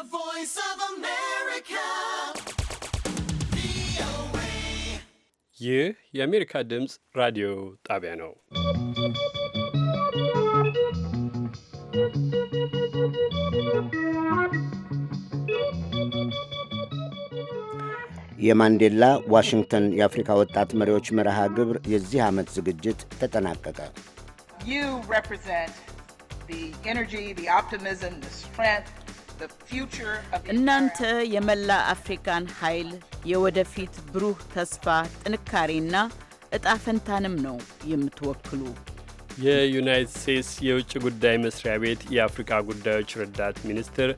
The voice of America. ይህ የአሜሪካ ድምፅ ራዲዮ ጣቢያ ነው። የማንዴላ ዋሽንግተን የአፍሪካ ወጣት መሪዎች መርሃ ግብር የዚህ ዓመት ዝግጅት ተጠናቀቀ። ዩ ሬፕሬዘንት the energy, the optimism, the strength እናንተ የመላ አፍሪካን ኃይል የወደፊት ብሩህ ተስፋ ጥንካሬና እጣ ፈንታንም ነው የምትወክሉ። የዩናይት ስቴትስ የውጭ ጉዳይ መስሪያ ቤት የአፍሪካ ጉዳዮች ረዳት ሚኒስትር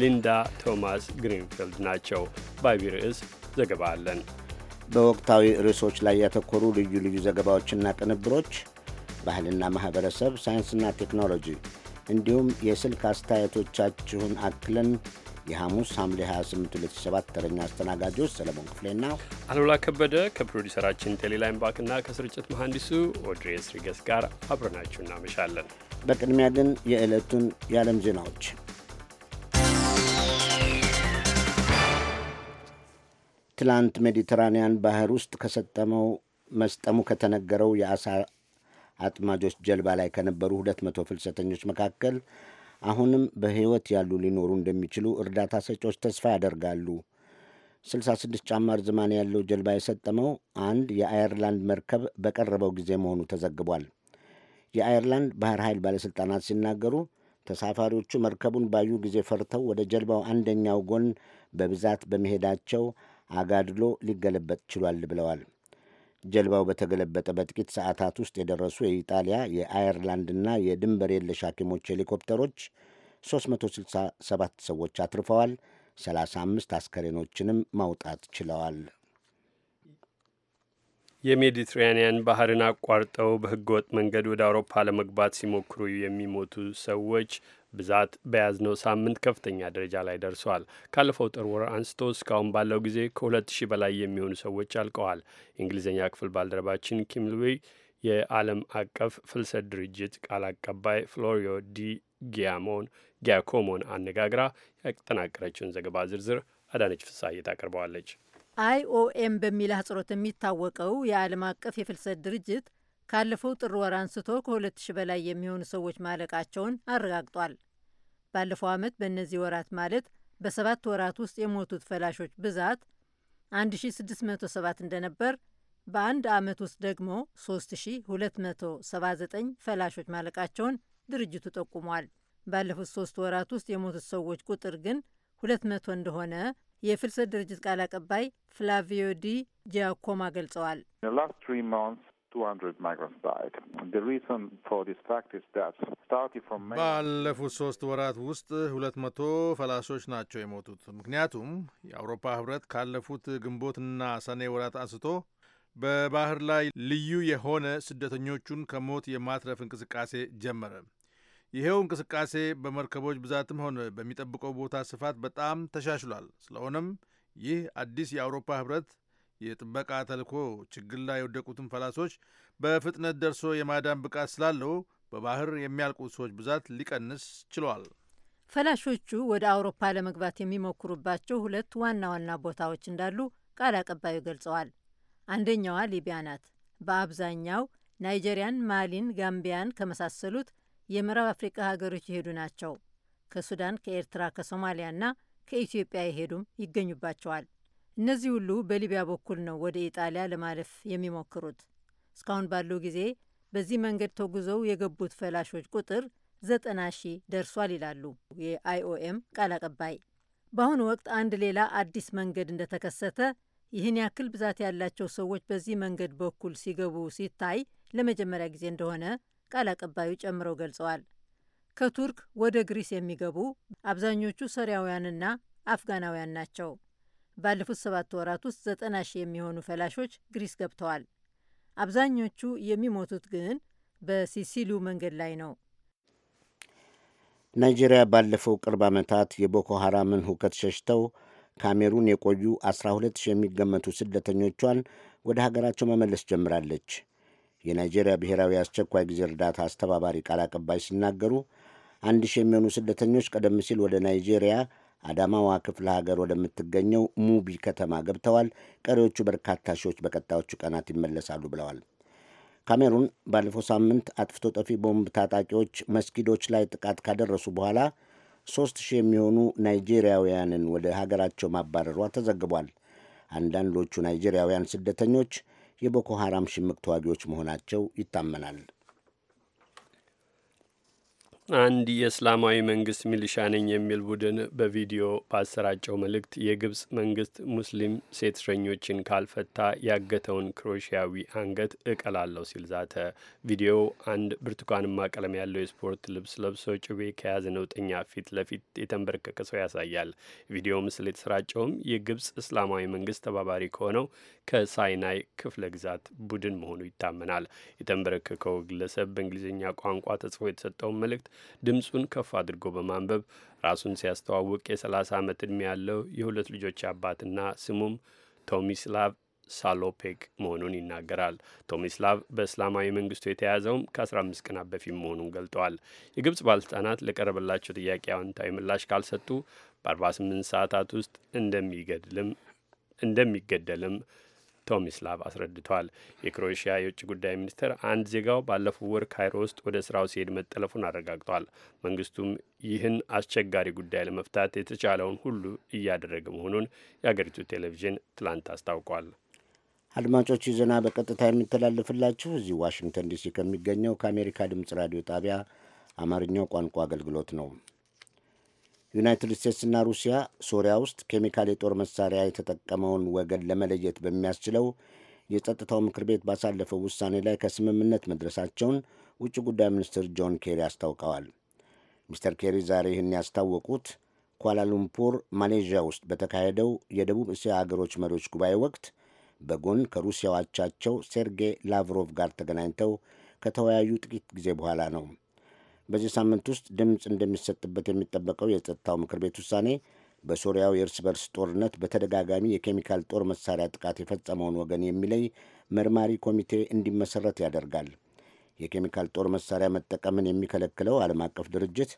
ሊንዳ ቶማስ ግሪንፊልድ ናቸው። በአቢይ ርዕስ ዘገባ አለን። በወቅታዊ ርዕሶች ላይ ያተኮሩ ልዩ ልዩ ዘገባዎችና ቅንብሮች፣ ባህልና ማኅበረሰብ፣ ሳይንስና ቴክኖሎጂ እንዲሁም የስልክ አስተያየቶቻችሁን አክለን የሐሙስ ሐምሌ 28 2007 ተረኛ አስተናጋጆች ሰለሞን ክፍሌና አሉላ ከበደ ከፕሮዲሰራችን ቴሌላይም ባክና ከስርጭት መሐንዲሱ ኦድሬስ ሪገስ ጋር አብረናችሁ እናመሻለን። በቅድሚያ ግን የዕለቱን የዓለም ዜናዎች ትላንት ሜዲትራንያን ባህር ውስጥ ከሰጠመው መስጠሙ ከተነገረው የአሳ አጥማጆች ጀልባ ላይ ከነበሩ 200 መቶ ፍልሰተኞች መካከል አሁንም በሕይወት ያሉ ሊኖሩ እንደሚችሉ እርዳታ ሰጪዎች ተስፋ ያደርጋሉ። 66 ጫማ ርዝማን ያለው ጀልባ የሰጠመው አንድ የአየርላንድ መርከብ በቀረበው ጊዜ መሆኑ ተዘግቧል። የአየርላንድ ባህር ኃይል ባለሥልጣናት ሲናገሩ ተሳፋሪዎቹ መርከቡን ባዩ ጊዜ ፈርተው ወደ ጀልባው አንደኛው ጎን በብዛት በመሄዳቸው አጋድሎ ሊገለበጥ ችሏል ብለዋል። ጀልባው በተገለበጠ በጥቂት ሰዓታት ውስጥ የደረሱ የኢጣሊያ የአየርላንድና የድንበር የለሽ ሐኪሞች ሄሊኮፕተሮች 367 ሰዎች አትርፈዋል። 35 አስከሬኖችንም ማውጣት ችለዋል። የሜዲትራኒያን ባህርን አቋርጠው በህገወጥ መንገድ ወደ አውሮፓ ለመግባት ሲሞክሩ የሚሞቱ ሰዎች ብዛት በያዝነው ሳምንት ከፍተኛ ደረጃ ላይ ደርሷል። ካለፈው ጥር ወር አንስቶ እስካሁን ባለው ጊዜ ከሁለት ሺህ በላይ የሚሆኑ ሰዎች አልቀዋል። የእንግሊዝኛ ክፍል ባልደረባችን ኪም የዓለም አቀፍ ፍልሰት ድርጅት ቃል አቀባይ ፍሎሪዮ ዲ ጊያሞን ጊያኮሞን አነጋግራ ያጠናቀረችውን ዘገባ ዝርዝር አዳነች ፍሳዬ ታቀርበዋለች። አይኦኤም በሚል አህጽሮት የሚታወቀው የዓለም አቀፍ የፍልሰት ድርጅት ካለፈው ጥር ወር አንስቶ ከ2000 በላይ የሚሆኑ ሰዎች ማለቃቸውን አረጋግጧል። ባለፈው ዓመት በእነዚህ ወራት ማለት በሰባት ወራት ውስጥ የሞቱት ፈላሾች ብዛት 1607 እንደነበር፣ በአንድ ዓመት ውስጥ ደግሞ 3279 ፈላሾች ማለቃቸውን ድርጅቱ ጠቁሟል። ባለፉት ሶስት ወራት ውስጥ የሞቱት ሰዎች ቁጥር ግን 200 እንደሆነ የፍልሰት ድርጅት ቃል አቀባይ ፍላቪዮ ዲ ጂያኮማ ገልጸዋል። ባለፉት ሶስት ወራት ውስጥ ሁለት መቶ ፈላሾች ናቸው የሞቱት። ምክንያቱም የአውሮፓ ህብረት ካለፉት ግንቦትና ሰኔ ወራት አንስቶ በባህር ላይ ልዩ የሆነ ስደተኞቹን ከሞት የማትረፍ እንቅስቃሴ ጀመረ። ይሄው እንቅስቃሴ በመርከቦች ብዛትም ሆነ በሚጠብቀው ቦታ ስፋት በጣም ተሻሽሏል። ስለሆነም ይህ አዲስ የአውሮፓ ህብረት የጥበቃ ተልእኮ ችግር ላይ የወደቁትን ፈላሶች በፍጥነት ደርሶ የማዳን ብቃት ስላለው በባህር የሚያልቁ ሰዎች ብዛት ሊቀንስ ችሏል። ፈላሾቹ ወደ አውሮፓ ለመግባት የሚሞክሩባቸው ሁለት ዋና ዋና ቦታዎች እንዳሉ ቃል አቀባዩ ገልጸዋል። አንደኛዋ ሊቢያ ናት። በአብዛኛው ናይጄሪያን፣ ማሊን፣ ጋምቢያን ከመሳሰሉት የምዕራብ አፍሪቃ ሀገሮች የሄዱ ናቸው። ከሱዳን፣ ከኤርትራ፣ ከሶማሊያና ከኢትዮጵያ የሄዱም ይገኙባቸዋል። እነዚህ ሁሉ በሊቢያ በኩል ነው ወደ ኢጣሊያ ለማለፍ የሚሞክሩት። እስካሁን ባለው ጊዜ በዚህ መንገድ ተጉዘው የገቡት ፈላሾች ቁጥር ዘጠና ሺህ ደርሷል ይላሉ የአይኦኤም ቃል አቀባይ። በአሁኑ ወቅት አንድ ሌላ አዲስ መንገድ እንደተከሰተ ይህን ያክል ብዛት ያላቸው ሰዎች በዚህ መንገድ በኩል ሲገቡ ሲታይ ለመጀመሪያ ጊዜ እንደሆነ ቃል አቀባዩ ጨምረው ገልጸዋል። ከቱርክ ወደ ግሪስ የሚገቡ አብዛኞቹ ሰሪያውያንና አፍጋናውያን ናቸው። ባለፉት ሰባት ወራት ውስጥ ዘጠና ሺህ የሚሆኑ ፈላሾች ግሪስ ገብተዋል። አብዛኞቹ የሚሞቱት ግን በሲሲሉ መንገድ ላይ ነው። ናይጄሪያ ባለፈው ቅርብ ዓመታት የቦኮ ሐራምን ሁከት ሸሽተው ካሜሩን የቆዩ 12 ሺህ የሚገመቱ ስደተኞቿን ወደ ሀገራቸው መመለስ ጀምራለች። የናይጄሪያ ብሔራዊ አስቸኳይ ጊዜ እርዳታ አስተባባሪ ቃል አቀባይ ሲናገሩ አንድ ሺህ የሚሆኑ ስደተኞች ቀደም ሲል ወደ ናይጄሪያ አዳማዋ ክፍለ ሀገር ወደምትገኘው ሙቢ ከተማ ገብተዋል። ቀሪዎቹ በርካታ ሺዎች በቀጣዮቹ ቀናት ይመለሳሉ ብለዋል። ካሜሩን ባለፈው ሳምንት አጥፍቶ ጠፊ ቦምብ ታጣቂዎች መስጊዶች ላይ ጥቃት ካደረሱ በኋላ ሦስት ሺህ የሚሆኑ ናይጄሪያውያንን ወደ ሀገራቸው ማባረሯ ተዘግቧል። አንዳንዶቹ ናይጄሪያውያን ስደተኞች የቦኮ ሐራም ሽምቅ ተዋጊዎች መሆናቸው ይታመናል። አንድ የእስላማዊ መንግስት ሚሊሻ ነኝ የሚል ቡድን በቪዲዮ ባሰራጨው መልእክት የግብጽ መንግስት ሙስሊም ሴት እስረኞችን ካልፈታ ያገተውን ክሮኤሽያዊ አንገት እቀላለሁ ሲል ዛተ። ቪዲዮው አንድ ብርቱካንማ ቀለም ያለው የስፖርት ልብስ ለብሶ ጩቤ ከያዘ ነውጠኛ ፊት ለፊት የተንበረከከ ሰው ያሳያል። ቪዲዮ ምስል የተሰራጨውም የግብጽ እስላማዊ መንግስት ተባባሪ ከሆነው ከሳይናይ ክፍለ ግዛት ቡድን መሆኑ ይታመናል። የተንበረከከው ግለሰብ በእንግሊዝኛ ቋንቋ ተጽፎ የተሰጠውን መልእክት ድምፁን ከፍ አድርጎ በማንበብ ራሱን ሲያስተዋውቅ የ30 ዓመት ዕድሜ ያለው የሁለት ልጆች አባትና ስሙም ቶሚስላቭ ሳሎፔክ መሆኑን ይናገራል። ቶሚስላቭ በእስላማዊ መንግስቱ የተያዘውም ከ15 ቀናት በፊት መሆኑን ገልጠዋል። የግብጽ ባለስልጣናት ለቀረበላቸው ጥያቄ አዎንታዊ ምላሽ ካልሰጡ በ48 ሰዓታት ውስጥ እንደሚገድልም እንደሚገደልም ቶሚስላቭ አስረድቷል። የክሮኤሽያ የውጭ ጉዳይ ሚኒስቴር አንድ ዜጋው ባለፈው ወር ካይሮ ውስጥ ወደ ስራው ሲሄድ መጠለፉን አረጋግጧል። መንግስቱም ይህን አስቸጋሪ ጉዳይ ለመፍታት የተቻለውን ሁሉ እያደረገ መሆኑን የአገሪቱ ቴሌቪዥን ትላንት አስታውቋል። አድማጮች ዜና በቀጥታ የሚተላልፍላችሁ እዚህ ዋሽንግተን ዲሲ ከሚገኘው ከአሜሪካ ድምጽ ራዲዮ ጣቢያ አማርኛው ቋንቋ አገልግሎት ነው። ዩናይትድ ስቴትስና ሩሲያ ሶሪያ ውስጥ ኬሚካል የጦር መሳሪያ የተጠቀመውን ወገን ለመለየት በሚያስችለው የጸጥታው ምክር ቤት ባሳለፈው ውሳኔ ላይ ከስምምነት መድረሳቸውን ውጭ ጉዳይ ሚኒስትር ጆን ኬሪ አስታውቀዋል። ሚስተር ኬሪ ዛሬ ይህን ያስታወቁት ኳላሉምፑር ማሌዥያ ውስጥ በተካሄደው የደቡብ እስያ አገሮች መሪዎች ጉባኤ ወቅት በጎን ከሩሲያው አቻቸው ሴርጌይ ላቭሮቭ ጋር ተገናኝተው ከተወያዩ ጥቂት ጊዜ በኋላ ነው። በዚህ ሳምንት ውስጥ ድምፅ እንደሚሰጥበት የሚጠበቀው የጸጥታው ምክር ቤት ውሳኔ በሶሪያው የእርስ በርስ ጦርነት በተደጋጋሚ የኬሚካል ጦር መሳሪያ ጥቃት የፈጸመውን ወገን የሚለይ መርማሪ ኮሚቴ እንዲመሰረት ያደርጋል። የኬሚካል ጦር መሳሪያ መጠቀምን የሚከለክለው ዓለም አቀፍ ድርጅት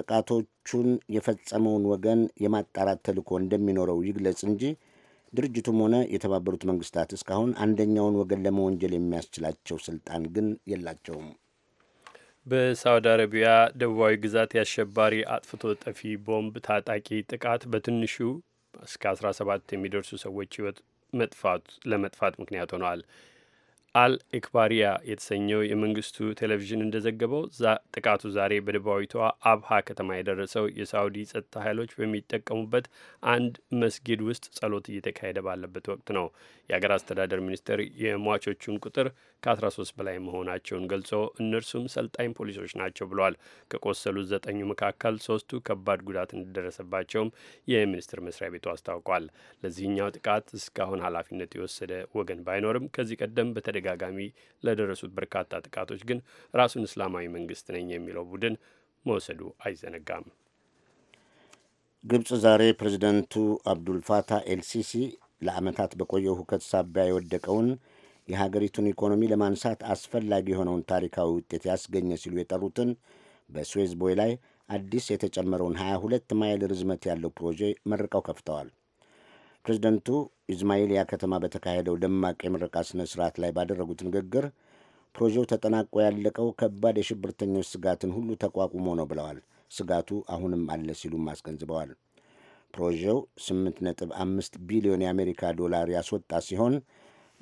ጥቃቶቹን የፈጸመውን ወገን የማጣራት ተልዕኮ እንደሚኖረው ይግለጽ እንጂ ድርጅቱም ሆነ የተባበሩት መንግስታት እስካሁን አንደኛውን ወገን ለመወንጀል የሚያስችላቸው ስልጣን ግን የላቸውም። በሳውዲ አረቢያ ደቡባዊ ግዛት የአሸባሪ አጥፍቶ ጠፊ ቦምብ ታጣቂ ጥቃት በትንሹ እስከ 17 የሚደርሱ ሰዎች ህይወት መጥፋት ለመጥፋት ምክንያት ሆነዋል። አል ኢክባሪያ የተሰኘው የመንግስቱ ቴሌቪዥን እንደዘገበው ጥቃቱ ዛሬ በደቡባዊቷ አብሃ ከተማ የደረሰው የሳውዲ ጸጥታ ኃይሎች በሚጠቀሙበት አንድ መስጊድ ውስጥ ጸሎት እየተካሄደ ባለበት ወቅት ነው። የአገር አስተዳደር ሚኒስቴር የሟቾቹን ቁጥር ከ13 በላይ መሆናቸውን ገልጾ እነርሱም ሰልጣኝ ፖሊሶች ናቸው ብሏል። ከቆሰሉት ዘጠኙ መካከል ሶስቱ ከባድ ጉዳት እንደደረሰባቸውም የሚኒስቴር መስሪያ ቤቱ አስታውቋል። ለዚህኛው ጥቃት እስካሁን ኃላፊነት የወሰደ ወገን ባይኖርም ከዚህ ቀደም በተደ በተደጋጋሚ ለደረሱት በርካታ ጥቃቶች ግን ራሱን እስላማዊ መንግስት ነኝ የሚለው ቡድን መውሰዱ አይዘነጋም። ግብፅ ዛሬ ፕሬዚደንቱ አብዱልፋታ ኤልሲሲ ለዓመታት በቆየው ሁከት ሳቢያ የወደቀውን የሀገሪቱን ኢኮኖሚ ለማንሳት አስፈላጊ የሆነውን ታሪካዊ ውጤት ያስገኘ ሲሉ የጠሩትን በስዌዝ ቦይ ላይ አዲስ የተጨመረውን 22 ማይል ርዝመት ያለው ፕሮጄ መርቀው ከፍተዋል። ፕሬዚደንቱ ኢዝማኤልያ ከተማ በተካሄደው ደማቅ የምረቃ ስነ ስርዓት ላይ ባደረጉት ንግግር ፕሮጀው ተጠናቆ ያለቀው ከባድ የሽብርተኞች ስጋትን ሁሉ ተቋቁሞ ነው ብለዋል። ስጋቱ አሁንም አለ ሲሉም አስገንዝበዋል። ፕሮጀው 8.5 ቢሊዮን የአሜሪካ ዶላር ያስወጣ ሲሆን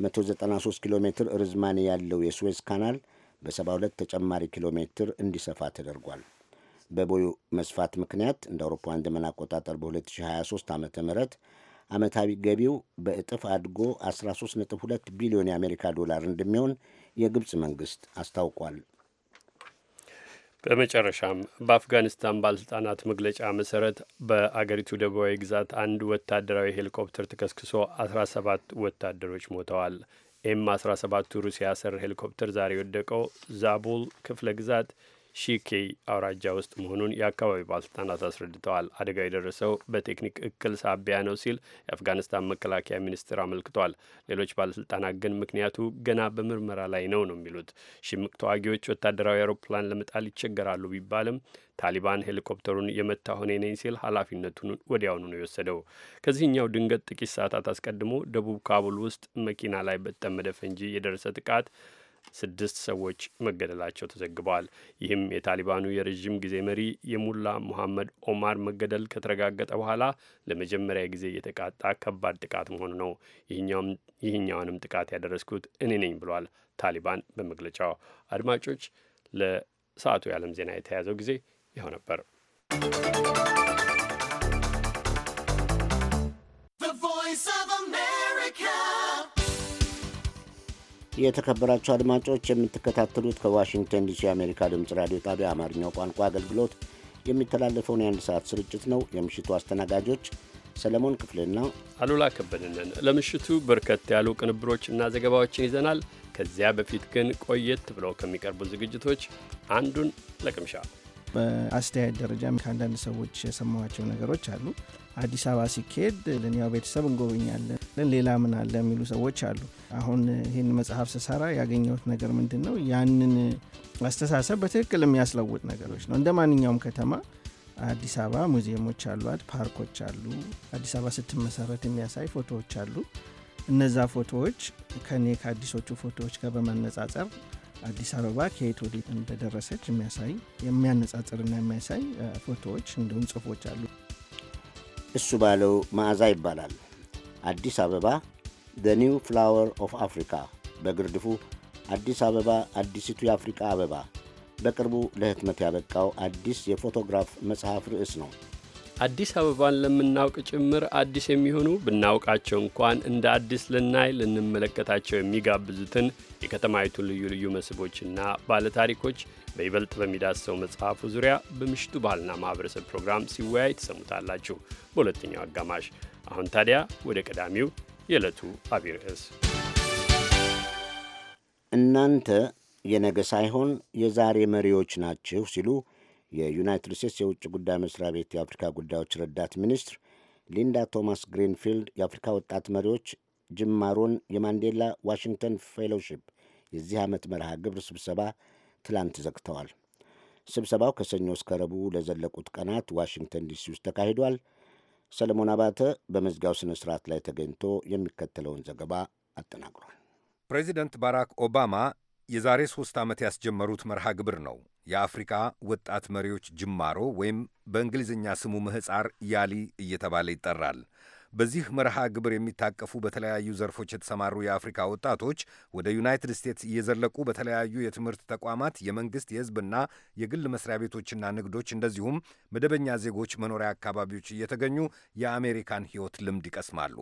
193 ኪሎ ሜትር ርዝማኔ ያለው የስዌዝ ካናል በ72 ተጨማሪ ኪሎ ሜትር እንዲሰፋ ተደርጓል። በቦዩ መስፋት ምክንያት እንደ አውሮፓውያን ዘመን አቆጣጠር በ2023 ዓ ም ዓመታዊ ገቢው በእጥፍ አድጎ 13.2 ቢሊዮን የአሜሪካ ዶላር እንደሚሆን የግብፅ መንግስት አስታውቋል። በመጨረሻም በአፍጋኒስታን ባለስልጣናት መግለጫ መሰረት በአገሪቱ ደቡባዊ ግዛት አንድ ወታደራዊ ሄሊኮፕተር ተከስክሶ 17 ወታደሮች ሞተዋል። ኤም 17ቱ ሩሲያ ሰር ሄሊኮፕተር ዛሬ የወደቀው ዛቡል ክፍለ ግዛት ሺኬይ አውራጃ ውስጥ መሆኑን የአካባቢ ባለስልጣናት አስረድተዋል። አደጋ የደረሰው በቴክኒክ እክል ሳቢያ ነው ሲል የአፍጋኒስታን መከላከያ ሚኒስትር አመልክቷል። ሌሎች ባለስልጣናት ግን ምክንያቱ ገና በምርመራ ላይ ነው ነው የሚሉት። ሽምቅ ተዋጊዎች ወታደራዊ አውሮፕላን ለመጣል ይቸገራሉ ቢባልም ታሊባን ሄሊኮፕተሩን የመታ ሆኔ ነኝ ሲል ኃላፊነቱን ወዲያውኑ ነው የወሰደው። ከዚህኛው ድንገት ጥቂት ሰዓታት አስቀድሞ ደቡብ ካቡል ውስጥ መኪና ላይ በተጠመደ ፈንጂ የደረሰ ጥቃት ስድስት ሰዎች መገደላቸው ተዘግበዋል። ይህም የታሊባኑ የረዥም ጊዜ መሪ የሙላ ሙሐመድ ኦማር መገደል ከተረጋገጠ በኋላ ለመጀመሪያ ጊዜ የተቃጣ ከባድ ጥቃት መሆኑ ነው። ይህኛውንም ጥቃት ያደረስኩት እኔ ነኝ ብሏል ታሊባን በመግለጫው። አድማጮች፣ ለሰዓቱ የዓለም ዜና የተያዘው ጊዜ ይኸው ነበር። የተከበራቸው አድማጮች የምትከታተሉት ከዋሽንግተን ዲሲ የአሜሪካ ድምፅ ራዲዮ ጣቢያ አማርኛው ቋንቋ አገልግሎት የሚተላለፈውን የአንድ ሰዓት ስርጭት ነው። የምሽቱ አስተናጋጆች ሰለሞን ክፍልና አሉላ ከበደነን ለምሽቱ በርከት ያሉ ቅንብሮችና ዘገባዎችን ይዘናል። ከዚያ በፊት ግን ቆየት ብለው ከሚቀርቡ ዝግጅቶች አንዱን ለቅምሻ በአስተያየት ደረጃ ከአንዳንድ ሰዎች የሰማቸው ነገሮች አሉ። አዲስ አበባ ሲካሄድ ለኒያው ቤተሰብ እንጎበኛለን፣ ሌላ ምን አለ የሚሉ ሰዎች አሉ። አሁን ይህን መጽሐፍ ስሰራ ያገኘሁት ነገር ምንድን ነው? ያንን አስተሳሰብ በትክክል የሚያስለውጥ ነገሮች ነው። እንደ ማንኛውም ከተማ አዲስ አበባ ሙዚየሞች አሏት፣ ፓርኮች አሉ። አዲስ አበባ ስትመሰረት የሚያሳይ ፎቶዎች አሉ። እነዛ ፎቶዎች ከኔ ከአዲሶቹ ፎቶዎች ጋር በመነጻጸር አዲስ አበባ ከየት ወዴት እንደደረሰች የሚያሳይ የሚያነጻጽርና የሚያሳይ ፎቶዎች እንዲሁም ጽሁፎች አሉ። እሱ ባለው መዓዛ ይባላል። አዲስ አበባ ዘ ኒው ፍላወር ኦፍ አፍሪካ በግርድፉ አዲስ አበባ አዲሲቱ የአፍሪካ አበባ በቅርቡ ለህትመት ያበቃው አዲስ የፎቶግራፍ መጽሐፍ ርዕስ ነው። አዲስ አበባን ለምናውቅ ጭምር አዲስ የሚሆኑ ብናውቃቸው እንኳን እንደ አዲስ ልናይ ልንመለከታቸው የሚጋብዙትን የከተማይቱን ልዩ ልዩ መስህቦችና ባለታሪኮች በይበልጥ በሚዳሰው መጽሐፉ ዙሪያ በምሽቱ ባህልና ማኅበረሰብ ፕሮግራም ሲወያይ ትሰሙታላችሁ በሁለተኛው አጋማሽ። አሁን ታዲያ ወደ ቀዳሚው የዕለቱ አቢይ ርዕስ እናንተ የነገ ሳይሆን የዛሬ መሪዎች ናችሁ ሲሉ የዩናይትድ ስቴትስ የውጭ ጉዳይ መስሪያ ቤት የአፍሪካ ጉዳዮች ረዳት ሚኒስትር ሊንዳ ቶማስ ግሪንፊልድ የአፍሪካ ወጣት መሪዎች ጅማሮን የማንዴላ ዋሽንግተን ፌሎሺፕ የዚህ ዓመት መርሃ ግብር ስብሰባ ትላንት ዘግተዋል። ስብሰባው ከሰኞ እስከ ረቡዕ ለዘለቁት ቀናት ዋሽንግተን ዲሲ ውስጥ ተካሂዷል። ሰለሞን አባተ በመዝጊያው ሥነ ሥርዓት ላይ ተገኝቶ የሚከተለውን ዘገባ አጠናቅሯል። ፕሬዚደንት ባራክ ኦባማ የዛሬ ሦስት ዓመት ያስጀመሩት መርሃ ግብር ነው የአፍሪካ ወጣት መሪዎች ጅማሮ ወይም በእንግሊዝኛ ስሙ ምህፃር ያሊ እየተባለ ይጠራል። በዚህ መርሃ ግብር የሚታቀፉ በተለያዩ ዘርፎች የተሰማሩ የአፍሪካ ወጣቶች ወደ ዩናይትድ ስቴትስ እየዘለቁ በተለያዩ የትምህርት ተቋማት፣ የመንግስት የሕዝብና የግል መስሪያ ቤቶችና ንግዶች እንደዚሁም መደበኛ ዜጎች መኖሪያ አካባቢዎች እየተገኙ የአሜሪካን ሕይወት ልምድ ይቀስማሉ።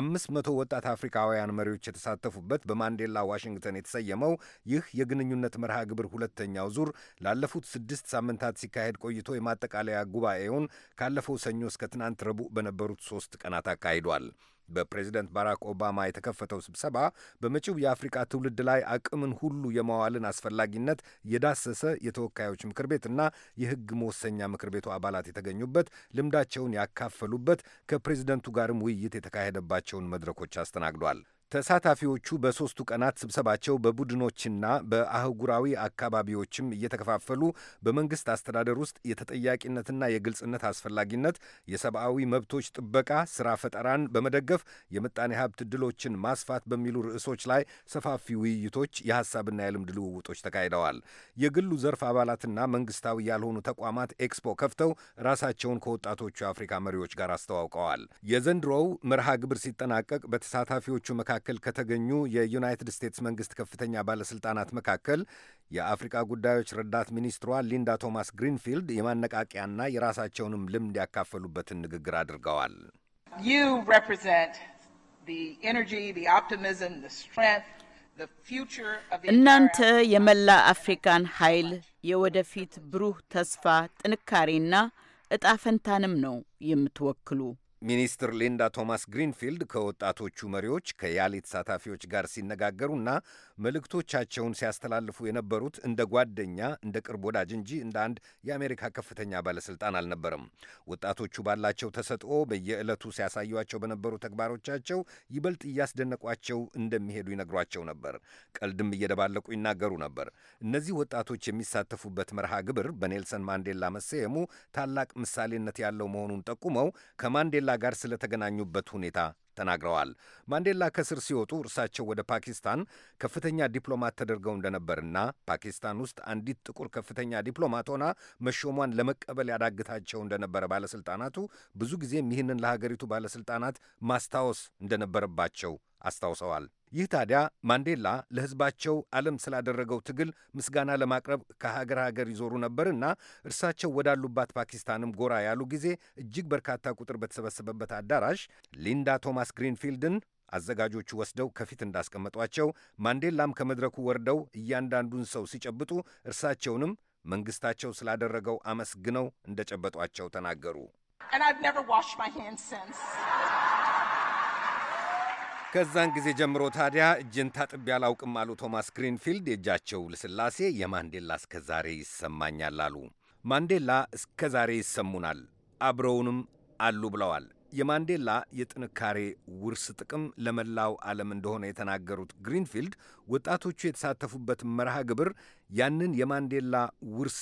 አምስት መቶ ወጣት አፍሪካውያን መሪዎች የተሳተፉበት በማንዴላ ዋሽንግተን የተሰየመው ይህ የግንኙነት መርሃ ግብር ሁለተኛው ዙር ላለፉት ስድስት ሳምንታት ሲካሄድ ቆይቶ የማጠቃለያ ጉባኤውን ካለፈው ሰኞ እስከ ትናንት ረቡዕ በነበሩት ሶስት ቀናት አካሂዷል። በፕሬዚደንት ባራክ ኦባማ የተከፈተው ስብሰባ በመጪው የአፍሪቃ ትውልድ ላይ አቅምን ሁሉ የማዋልን አስፈላጊነት የዳሰሰ የተወካዮች ምክር ቤትና የሕግ መወሰኛ ምክር ቤቱ አባላት የተገኙበት፣ ልምዳቸውን ያካፈሉበት፣ ከፕሬዚደንቱ ጋርም ውይይት የተካሄደባቸውን መድረኮች አስተናግዷል። ተሳታፊዎቹ በሦስቱ ቀናት ስብሰባቸው በቡድኖችና በአህጉራዊ አካባቢዎችም እየተከፋፈሉ በመንግሥት አስተዳደር ውስጥ የተጠያቂነትና የግልጽነት አስፈላጊነት፣ የሰብአዊ መብቶች ጥበቃ፣ ሥራ ፈጠራን በመደገፍ የምጣኔ ሀብት ድሎችን ማስፋት በሚሉ ርዕሶች ላይ ሰፋፊ ውይይቶች፣ የሐሳብና የልምድ ልውውጦች ተካሂደዋል። የግሉ ዘርፍ አባላትና መንግሥታዊ ያልሆኑ ተቋማት ኤክስፖ ከፍተው ራሳቸውን ከወጣቶቹ የአፍሪካ መሪዎች ጋር አስተዋውቀዋል። የዘንድሮው መርሃ ግብር ሲጠናቀቅ በተሳታፊዎቹ መካከል መካከል ከተገኙ የዩናይትድ ስቴትስ መንግስት ከፍተኛ ባለስልጣናት መካከል የአፍሪካ ጉዳዮች ረዳት ሚኒስትሯ ሊንዳ ቶማስ ግሪንፊልድ የማነቃቂያና የራሳቸውንም ልምድ ያካፈሉበትን ንግግር አድርገዋል። እናንተ የመላ አፍሪካን ኃይል፣ የወደፊት ብሩህ ተስፋ፣ ጥንካሬና እጣ ፈንታንም ነው የምትወክሉ። ሚኒስትር ሊንዳ ቶማስ ግሪንፊልድ ከወጣቶቹ መሪዎች ከያሌ ተሳታፊዎች ጋር ሲነጋገሩና መልእክቶቻቸውን ሲያስተላልፉ የነበሩት እንደ ጓደኛ፣ እንደ ቅርብ ወዳጅ እንጂ እንደ አንድ የአሜሪካ ከፍተኛ ባለስልጣን አልነበረም። ወጣቶቹ ባላቸው ተሰጥኦ በየዕለቱ ሲያሳዩቸው በነበሩ ተግባሮቻቸው ይበልጥ እያስደነቋቸው እንደሚሄዱ ይነግሯቸው ነበር። ቀልድም እየደባለቁ ይናገሩ ነበር። እነዚህ ወጣቶች የሚሳተፉበት መርሃ ግብር በኔልሰን ማንዴላ መሰየሙ ታላቅ ምሳሌነት ያለው መሆኑን ጠቁመው ከማንዴላ ማንዴላ ጋር ስለተገናኙበት ሁኔታ ተናግረዋል። ማንዴላ ከእስር ሲወጡ እርሳቸው ወደ ፓኪስታን ከፍተኛ ዲፕሎማት ተደርገው እንደነበርና ፓኪስታን ውስጥ አንዲት ጥቁር ከፍተኛ ዲፕሎማት ሆና መሾሟን ለመቀበል ያዳግታቸው እንደነበረ ባለሥልጣናቱ ብዙ ጊዜም ይህንን ለሀገሪቱ ባለሥልጣናት ማስታወስ እንደነበረባቸው አስታውሰዋል። ይህ ታዲያ ማንዴላ ለሕዝባቸው ዓለም ስላደረገው ትግል ምስጋና ለማቅረብ ከሀገር ሀገር ይዞሩ ነበርና እርሳቸው ወዳሉባት ፓኪስታንም ጎራ ያሉ ጊዜ እጅግ በርካታ ቁጥር በተሰበሰበበት አዳራሽ ሊንዳ ቶማስ ግሪንፊልድን አዘጋጆቹ ወስደው ከፊት እንዳስቀመጧቸው ማንዴላም ከመድረኩ ወርደው እያንዳንዱን ሰው ሲጨብጡ እርሳቸውንም መንግስታቸው ስላደረገው አመስግነው እንደጨበጧቸው ተናገሩ። ከዛን ጊዜ ጀምሮ ታዲያ እጅን ታጥቤ አላውቅም አሉ ቶማስ ግሪንፊልድ። የእጃቸው ልስላሴ የማንዴላ እስከ ዛሬ ይሰማኛል አሉ። ማንዴላ እስከ ዛሬ ይሰሙናል፣ አብረውንም አሉ ብለዋል። የማንዴላ የጥንካሬ ውርስ ጥቅም ለመላው ዓለም እንደሆነ የተናገሩት ግሪንፊልድ ወጣቶቹ የተሳተፉበት መርሃ ግብር ያንን የማንዴላ ውርስ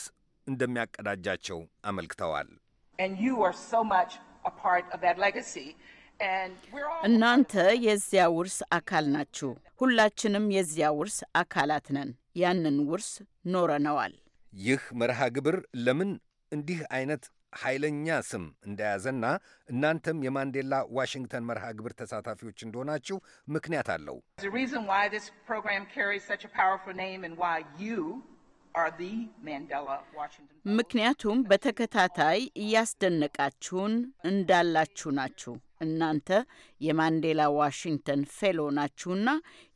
እንደሚያቀዳጃቸው አመልክተዋል። እናንተ የዚያ ውርስ አካል ናችሁ። ሁላችንም የዚያ ውርስ አካላት ነን። ያንን ውርስ ኖረነዋል። ይህ መርሃ ግብር ለምን እንዲህ አይነት ኃይለኛ ስም እንደያዘና እናንተም የማንዴላ ዋሽንግተን መርሃ ግብር ተሳታፊዎች እንደሆናችሁ ምክንያት አለው። ምክንያቱም በተከታታይ እያስደነቃችሁን እንዳላችሁ ናችሁ። እናንተ የማንዴላ ዋሽንግተን ፌሎ ናችሁና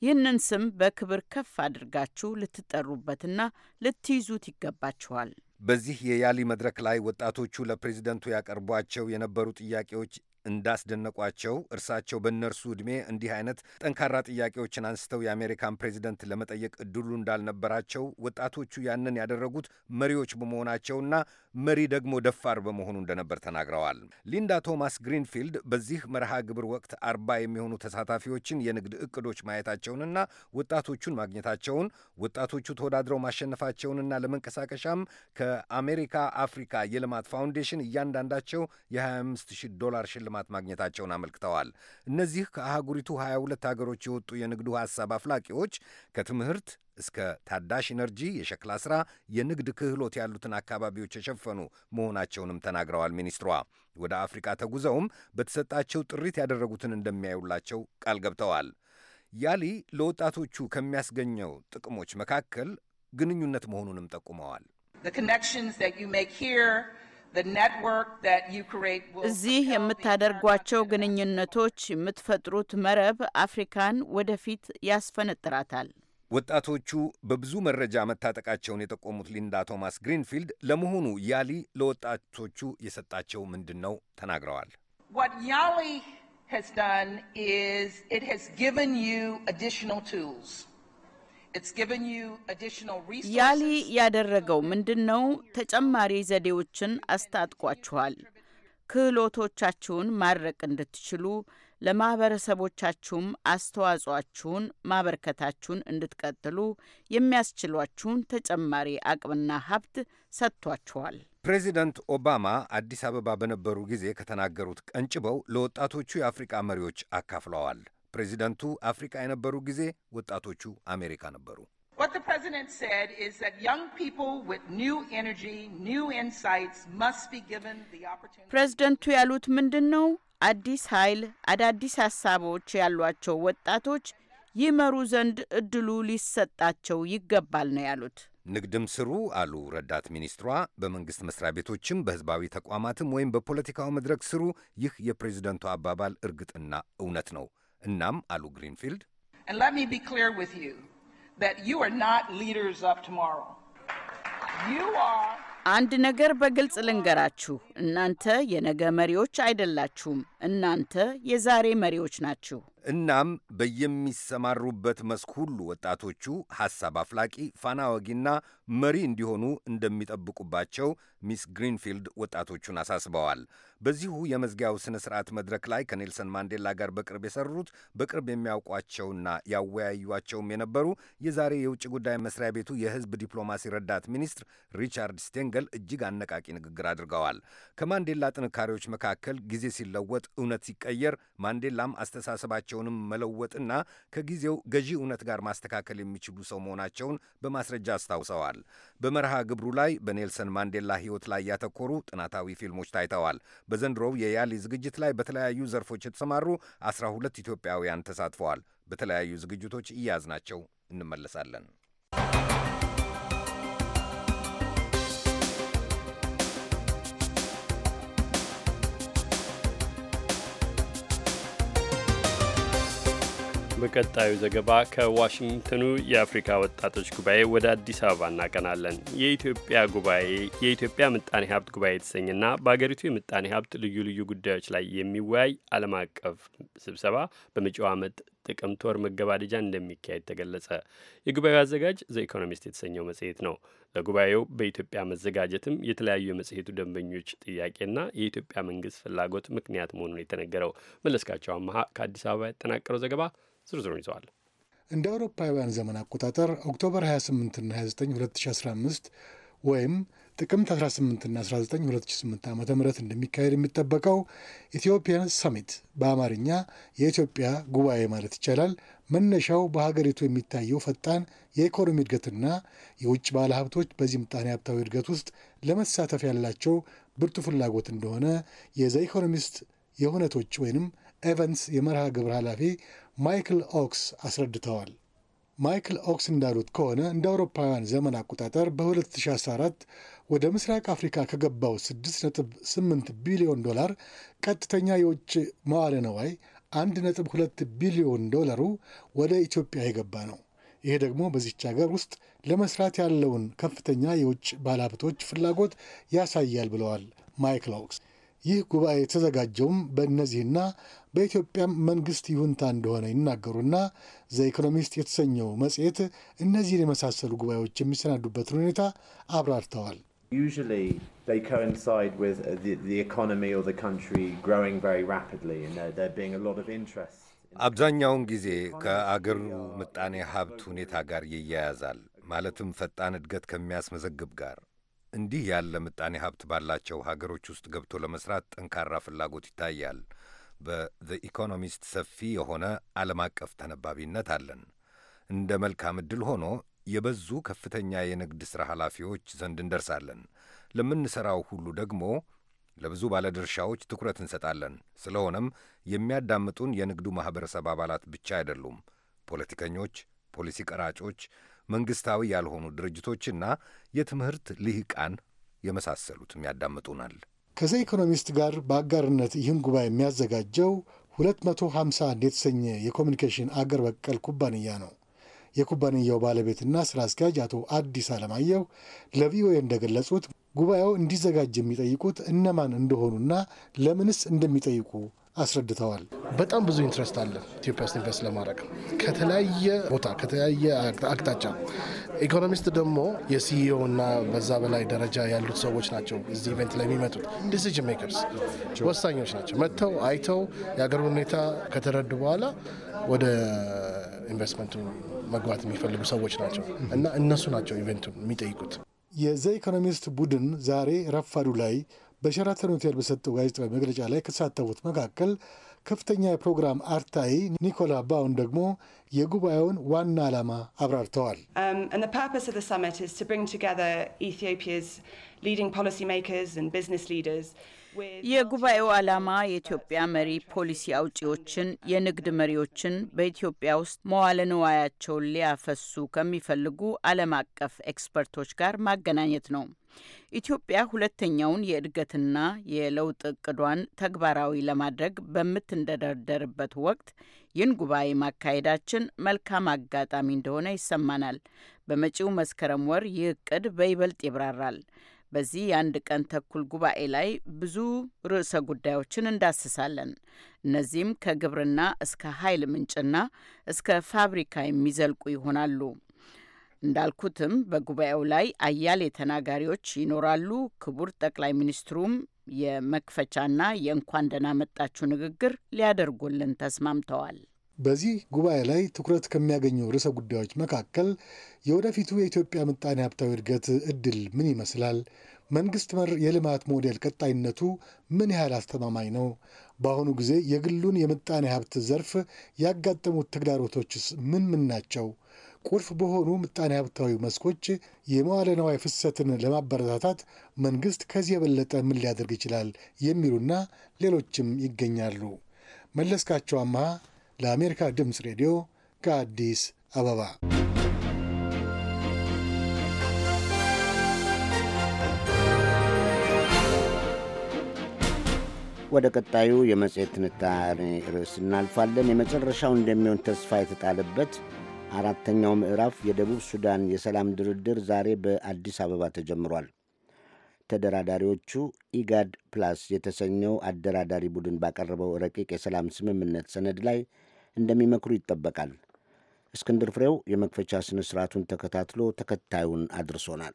ይህንን ስም በክብር ከፍ አድርጋችሁ ልትጠሩበትና ልትይዙት ይገባችኋል። በዚህ የያሊ መድረክ ላይ ወጣቶቹ ለፕሬዚደንቱ ያቀርቧቸው የነበሩ ጥያቄዎች እንዳስደነቋቸው እርሳቸው በእነርሱ ዕድሜ እንዲህ አይነት ጠንካራ ጥያቄዎችን አንስተው የአሜሪካን ፕሬዚደንት ለመጠየቅ እድሉ እንዳልነበራቸው ወጣቶቹ ያንን ያደረጉት መሪዎች በመሆናቸውና መሪ ደግሞ ደፋር በመሆኑ እንደነበር ተናግረዋል። ሊንዳ ቶማስ ግሪንፊልድ በዚህ መርሃ ግብር ወቅት አርባ የሚሆኑ ተሳታፊዎችን የንግድ እቅዶች ማየታቸውንና ወጣቶቹን ማግኘታቸውን ወጣቶቹ ተወዳድረው ማሸነፋቸውንና ለመንቀሳቀሻም ከአሜሪካ አፍሪካ የልማት ፋውንዴሽን እያንዳንዳቸው የ25 ዶላር ሽልማ ሽልማት ማግኘታቸውን አመልክተዋል። እነዚህ ከአህጉሪቱ 22 ሀገሮች የወጡ የንግዱ ሐሳብ አፍላቂዎች ከትምህርት እስከ ታዳሽ ኢነርጂ፣ የሸክላ ሥራ፣ የንግድ ክህሎት ያሉትን አካባቢዎች የሸፈኑ መሆናቸውንም ተናግረዋል ሚኒስትሯ። ወደ አፍሪካ ተጉዘውም በተሰጣቸው ጥሪት ያደረጉትን እንደሚያዩላቸው ቃል ገብተዋል። ያሊ ለወጣቶቹ ከሚያስገኘው ጥቅሞች መካከል ግንኙነት መሆኑንም ጠቁመዋል። እዚህ የምታደርጓቸው ግንኙነቶች፣ የምትፈጥሩት መረብ አፍሪካን ወደፊት ያስፈነጥራታል። ወጣቶቹ በብዙ መረጃ መታጠቃቸውን የጠቆሙት ሊንዳ ቶማስ ግሪንፊልድ ለመሆኑ ያሊ ለወጣቶቹ የሰጣቸው ምንድን ነው ተናግረዋል። ያሊ ያሊ ያደረገው ምንድን ነው? ተጨማሪ ዘዴዎችን አስታጥቋችኋል። ክህሎቶቻችሁን ማድረቅ እንድትችሉ ለማህበረሰቦቻችሁም አስተዋጽኦአችሁን ማበርከታችሁን እንድትቀጥሉ የሚያስችሏችሁን ተጨማሪ አቅምና ሀብት ሰጥቷችኋል። ፕሬዚደንት ኦባማ አዲስ አበባ በነበሩ ጊዜ ከተናገሩት ቀንጭበው ለወጣቶቹ የአፍሪቃ መሪዎች አካፍለዋል። ፕሬዚደንቱ አፍሪካ የነበሩ ጊዜ ወጣቶቹ አሜሪካ ነበሩ። ፕሬዚደንቱ ያሉት ምንድን ነው? አዲስ ኃይል፣ አዳዲስ ሀሳቦች ያሏቸው ወጣቶች ይመሩ ዘንድ እድሉ ሊሰጣቸው ይገባል ነው ያሉት። ንግድም ስሩ አሉ ረዳት ሚኒስትሯ። በመንግስት መስሪያ ቤቶችም በህዝባዊ ተቋማትም ወይም በፖለቲካው መድረክ ስሩ። ይህ የፕሬዚደንቱ አባባል እርግጥና እውነት ነው። እናም አሉ ግሪንፊልድ አንድ ነገር በግልጽ ልንገራችሁ፣ እናንተ የነገ መሪዎች አይደላችሁም። እናንተ የዛሬ መሪዎች ናችሁ። እናም በየሚሰማሩበት መስክ ሁሉ ወጣቶቹ ሐሳብ አፍላቂ፣ ፋና ወጊና መሪ እንዲሆኑ እንደሚጠብቁባቸው ሚስ ግሪንፊልድ ወጣቶቹን አሳስበዋል። በዚሁ የመዝጊያው ሥነ ሥርዓት መድረክ ላይ ከኔልሰን ማንዴላ ጋር በቅርብ የሰሩት በቅርብ የሚያውቋቸውና ያወያዩቸውም የነበሩ የዛሬ የውጭ ጉዳይ መስሪያ ቤቱ የሕዝብ ዲፕሎማሲ ረዳት ሚኒስትር ሪቻርድ ስቴንገል እጅግ አነቃቂ ንግግር አድርገዋል። ከማንዴላ ጥንካሬዎች መካከል ጊዜ ሲለወጥ እውነት ሲቀየር፣ ማንዴላም አስተሳሰባቸው ሀሳባቸውንም መለወጥና ከጊዜው ገዢ እውነት ጋር ማስተካከል የሚችሉ ሰው መሆናቸውን በማስረጃ አስታውሰዋል። በመርሃ ግብሩ ላይ በኔልሰን ማንዴላ ሕይወት ላይ ያተኮሩ ጥናታዊ ፊልሞች ታይተዋል። በዘንድሮው የያሊ ዝግጅት ላይ በተለያዩ ዘርፎች የተሰማሩ አስራ ሁለት ኢትዮጵያውያን ተሳትፈዋል። በተለያዩ ዝግጅቶች ናቸው እንመለሳለን። በቀጣዩ ዘገባ ከዋሽንግተኑ የአፍሪካ ወጣቶች ጉባኤ ወደ አዲስ አበባ እናቀናለን። የኢትዮጵያ ጉባኤ የኢትዮጵያ ምጣኔ ሀብት ጉባኤ የተሰኘና በአገሪቱ የምጣኔ ሀብት ልዩ ልዩ ጉዳዮች ላይ የሚወያይ ዓለም አቀፍ ስብሰባ በመጪው ዓመት ጥቅምት ወር መገባደጃ እንደሚካሄድ ተገለጸ። የጉባኤው አዘጋጅ ዘ ኢኮኖሚስት የተሰኘው መጽሔት ነው። ለጉባኤው በኢትዮጵያ መዘጋጀትም የተለያዩ የመጽሔቱ ደንበኞች ጥያቄና የኢትዮጵያ መንግስት ፍላጎት ምክንያት መሆኑን የተነገረው መለስካቸው አመሀ ከአዲስ አበባ ያጠናቀረው ዘገባ ዝርዝሩን ይዘዋል። እንደ አውሮፓውያን ዘመን አቆጣጠር ኦክቶበር 28ና 29 2015 ወይም ጥቅምት 18ና 19 2008 ዓ ም እንደሚካሄድ የሚጠበቀው ኢትዮጵያን ሰሚት በአማርኛ የኢትዮጵያ ጉባኤ ማለት ይቻላል። መነሻው በሀገሪቱ የሚታየው ፈጣን የኢኮኖሚ እድገትና የውጭ ባለሀብቶች በዚህ ምጣኔ ሀብታዊ እድገት ውስጥ ለመሳተፍ ያላቸው ብርቱ ፍላጎት እንደሆነ የዘ ኢኮኖሚስት የሁነቶች ወይንም ኤቨንስ የመርሃ ግብር ኃላፊ ማይክል ኦክስ አስረድተዋል። ማይክል ኦክስ እንዳሉት ከሆነ እንደ አውሮፓውያን ዘመን አቆጣጠር በ2014 ወደ ምስራቅ አፍሪካ ከገባው 6.8 ቢሊዮን ዶላር ቀጥተኛ የውጭ መዋለ ነዋይ 1.2 ቢሊዮን ዶላሩ ወደ ኢትዮጵያ የገባ ነው። ይሄ ደግሞ በዚች ሀገር ውስጥ ለመስራት ያለውን ከፍተኛ የውጭ ባለሀብቶች ፍላጎት ያሳያል ብለዋል ማይክል ኦክስ። ይህ ጉባኤ የተዘጋጀውም በእነዚህና በኢትዮጵያም መንግስት ይሁንታ እንደሆነ ይናገሩና ዘኢኮኖሚስት ኢኮኖሚስት የተሰኘው መጽሔት እነዚህን የመሳሰሉ ጉባኤዎች የሚሰናዱበትን ሁኔታ አብራርተዋል። uh, አብዛኛውን ጊዜ ከአገሩ ምጣኔ ሀብት ሁኔታ ጋር ይያያዛል። ማለትም ፈጣን እድገት ከሚያስመዘግብ ጋር እንዲህ ያለ ምጣኔ ሀብት ባላቸው ሀገሮች ውስጥ ገብቶ ለመስራት ጠንካራ ፍላጎት ይታያል። በዘ ኢኮኖሚስት ሰፊ የሆነ ዓለም አቀፍ ተነባቢነት አለን። እንደ መልካም ዕድል ሆኖ የበዙ ከፍተኛ የንግድ ሥራ ኃላፊዎች ዘንድ እንደርሳለን። ለምንሠራው ሁሉ ደግሞ ለብዙ ባለድርሻዎች ትኩረት እንሰጣለን። ስለሆነም የሚያዳምጡን የንግዱ ማኅበረሰብ አባላት ብቻ አይደሉም። ፖለቲከኞች፣ ፖሊሲ ቀራጮች፣ መንግሥታዊ ያልሆኑ ድርጅቶችና የትምህርት ልሂቃን የመሳሰሉትም ያዳምጡናል። ከዘ ኢኮኖሚስት ጋር በአጋርነት ይህን ጉባኤ የሚያዘጋጀው 251 የተሰኘ የኮሚኒኬሽን አገር በቀል ኩባንያ ነው። የኩባንያው ባለቤትና ስራ አስኪያጅ አቶ አዲስ አለማየሁ ለቪኦኤ እንደገለጹት ጉባኤው እንዲዘጋጅ የሚጠይቁት እነማን እንደሆኑና ለምንስ እንደሚጠይቁ አስረድተዋል። በጣም ብዙ ኢንትረስት አለ ኢትዮጵያ ውስጥ ኢንቨስት ለማድረግ ከተለያየ ቦታ ከተለያየ አቅጣጫ። ኢኮኖሚስት ደግሞ የሲኢኦ እና በዛ በላይ ደረጃ ያሉት ሰዎች ናቸው እዚህ ኢቨንት ላይ የሚመጡት ዲሲዥን ሜከርስ ወሳኞች ናቸው። መጥተው አይተው የሀገሩን ሁኔታ ከተረዱ በኋላ ወደ ኢንቨስትመንቱ መግባት የሚፈልጉ ሰዎች ናቸው እና እነሱ ናቸው ኢቨንቱን የሚጠይቁት። የዘ ኢኮኖሚስት ቡድን ዛሬ ረፋዱ ላይ በሸራተን ሆቴል በሰጠው ጋዜጣዊ መግለጫ ላይ ከተሳተፉት መካከል ከፍተኛ የፕሮግራም አርታይ ኒኮላ ባውን ደግሞ የጉባኤውን ዋና ዓላማ አብራርተዋል። um, የጉባኤው ዓላማ የኢትዮጵያ መሪ ፖሊሲ አውጪዎችን፣ የንግድ መሪዎችን በኢትዮጵያ ውስጥ መዋለ ንዋያቸውን ሊያፈሱ ከሚፈልጉ ዓለም አቀፍ ኤክስፐርቶች ጋር ማገናኘት ነው። ኢትዮጵያ ሁለተኛውን የእድገትና የለውጥ እቅዷን ተግባራዊ ለማድረግ በምትንደረደርበት ወቅት ይህን ጉባኤ ማካሄዳችን መልካም አጋጣሚ እንደሆነ ይሰማናል። በመጪው መስከረም ወር ይህ እቅድ በይበልጥ ይብራራል። በዚህ የአንድ ቀን ተኩል ጉባኤ ላይ ብዙ ርዕሰ ጉዳዮችን እንዳስሳለን። እነዚህም ከግብርና እስከ ኃይል ምንጭና እስከ ፋብሪካ የሚዘልቁ ይሆናሉ። እንዳልኩትም በጉባኤው ላይ አያሌ ተናጋሪዎች ይኖራሉ። ክቡር ጠቅላይ ሚኒስትሩም የመክፈቻና የእንኳን ደህና መጣችሁ ንግግር ሊያደርጉልን ተስማምተዋል። በዚህ ጉባኤ ላይ ትኩረት ከሚያገኙ ርዕሰ ጉዳዮች መካከል የወደፊቱ የኢትዮጵያ ምጣኔ ሀብታዊ እድገት እድል ምን ይመስላል? መንግስት መር የልማት ሞዴል ቀጣይነቱ ምን ያህል አስተማማኝ ነው? በአሁኑ ጊዜ የግሉን የምጣኔ ሀብት ዘርፍ ያጋጠሙት ተግዳሮቶችስ ምን ምን ናቸው? ቁልፍ በሆኑ ምጣኔ ሀብታዊ መስኮች የመዋለ ነዋይ ፍሰትን ለማበረታታት መንግስት ከዚህ የበለጠ ምን ሊያደርግ ይችላል? የሚሉና ሌሎችም ይገኛሉ። መለስካቸው አማሃ ለአሜሪካ ድምፅ ሬዲዮ ከአዲስ አበባ ወደ ቀጣዩ የመጽሔት ትንታኔ ርዕስ እናልፋለን። የመጨረሻው እንደሚሆን ተስፋ የተጣለበት አራተኛው ምዕራፍ የደቡብ ሱዳን የሰላም ድርድር ዛሬ በአዲስ አበባ ተጀምሯል። ተደራዳሪዎቹ ኢጋድ ፕላስ የተሰኘው አደራዳሪ ቡድን ባቀረበው ረቂቅ የሰላም ስምምነት ሰነድ ላይ እንደሚመክሩ ይጠበቃል። እስክንድር ፍሬው የመክፈቻ ስነ ስርዓቱን ተከታትሎ ተከታዩን አድርሶናል።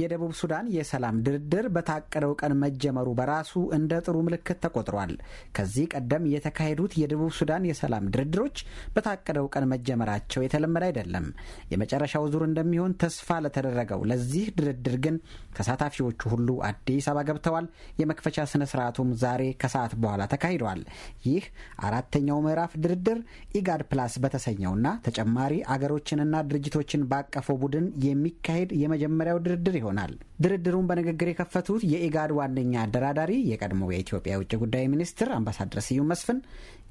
የደቡብ ሱዳን የሰላም ድርድር በታቀደው ቀን መጀመሩ በራሱ እንደ ጥሩ ምልክት ተቆጥሯል። ከዚህ ቀደም የተካሄዱት የደቡብ ሱዳን የሰላም ድርድሮች በታቀደው ቀን መጀመራቸው የተለመደ አይደለም። የመጨረሻው ዙር እንደሚሆን ተስፋ ለተደረገው ለዚህ ድርድር ግን ተሳታፊዎቹ ሁሉ አዲስ አበባ ገብተዋል። የመክፈቻ ስነ ስርዓቱም ዛሬ ከሰዓት በኋላ ተካሂዷል። ይህ አራተኛው ምዕራፍ ድርድር ኢጋድ ፕላስ በተሰኘውና ተጨማሪ አገሮችንና ድርጅቶችን ባቀፈው ቡድን የሚካሄድ የመጀመሪያው ድርድር ይሆናል። diagonal. ድርድሩን በንግግር የከፈቱት የኢጋድ ዋነኛ አደራዳሪ የቀድሞ የኢትዮጵያ የውጭ ጉዳይ ሚኒስትር አምባሳደር ስዩም መስፍን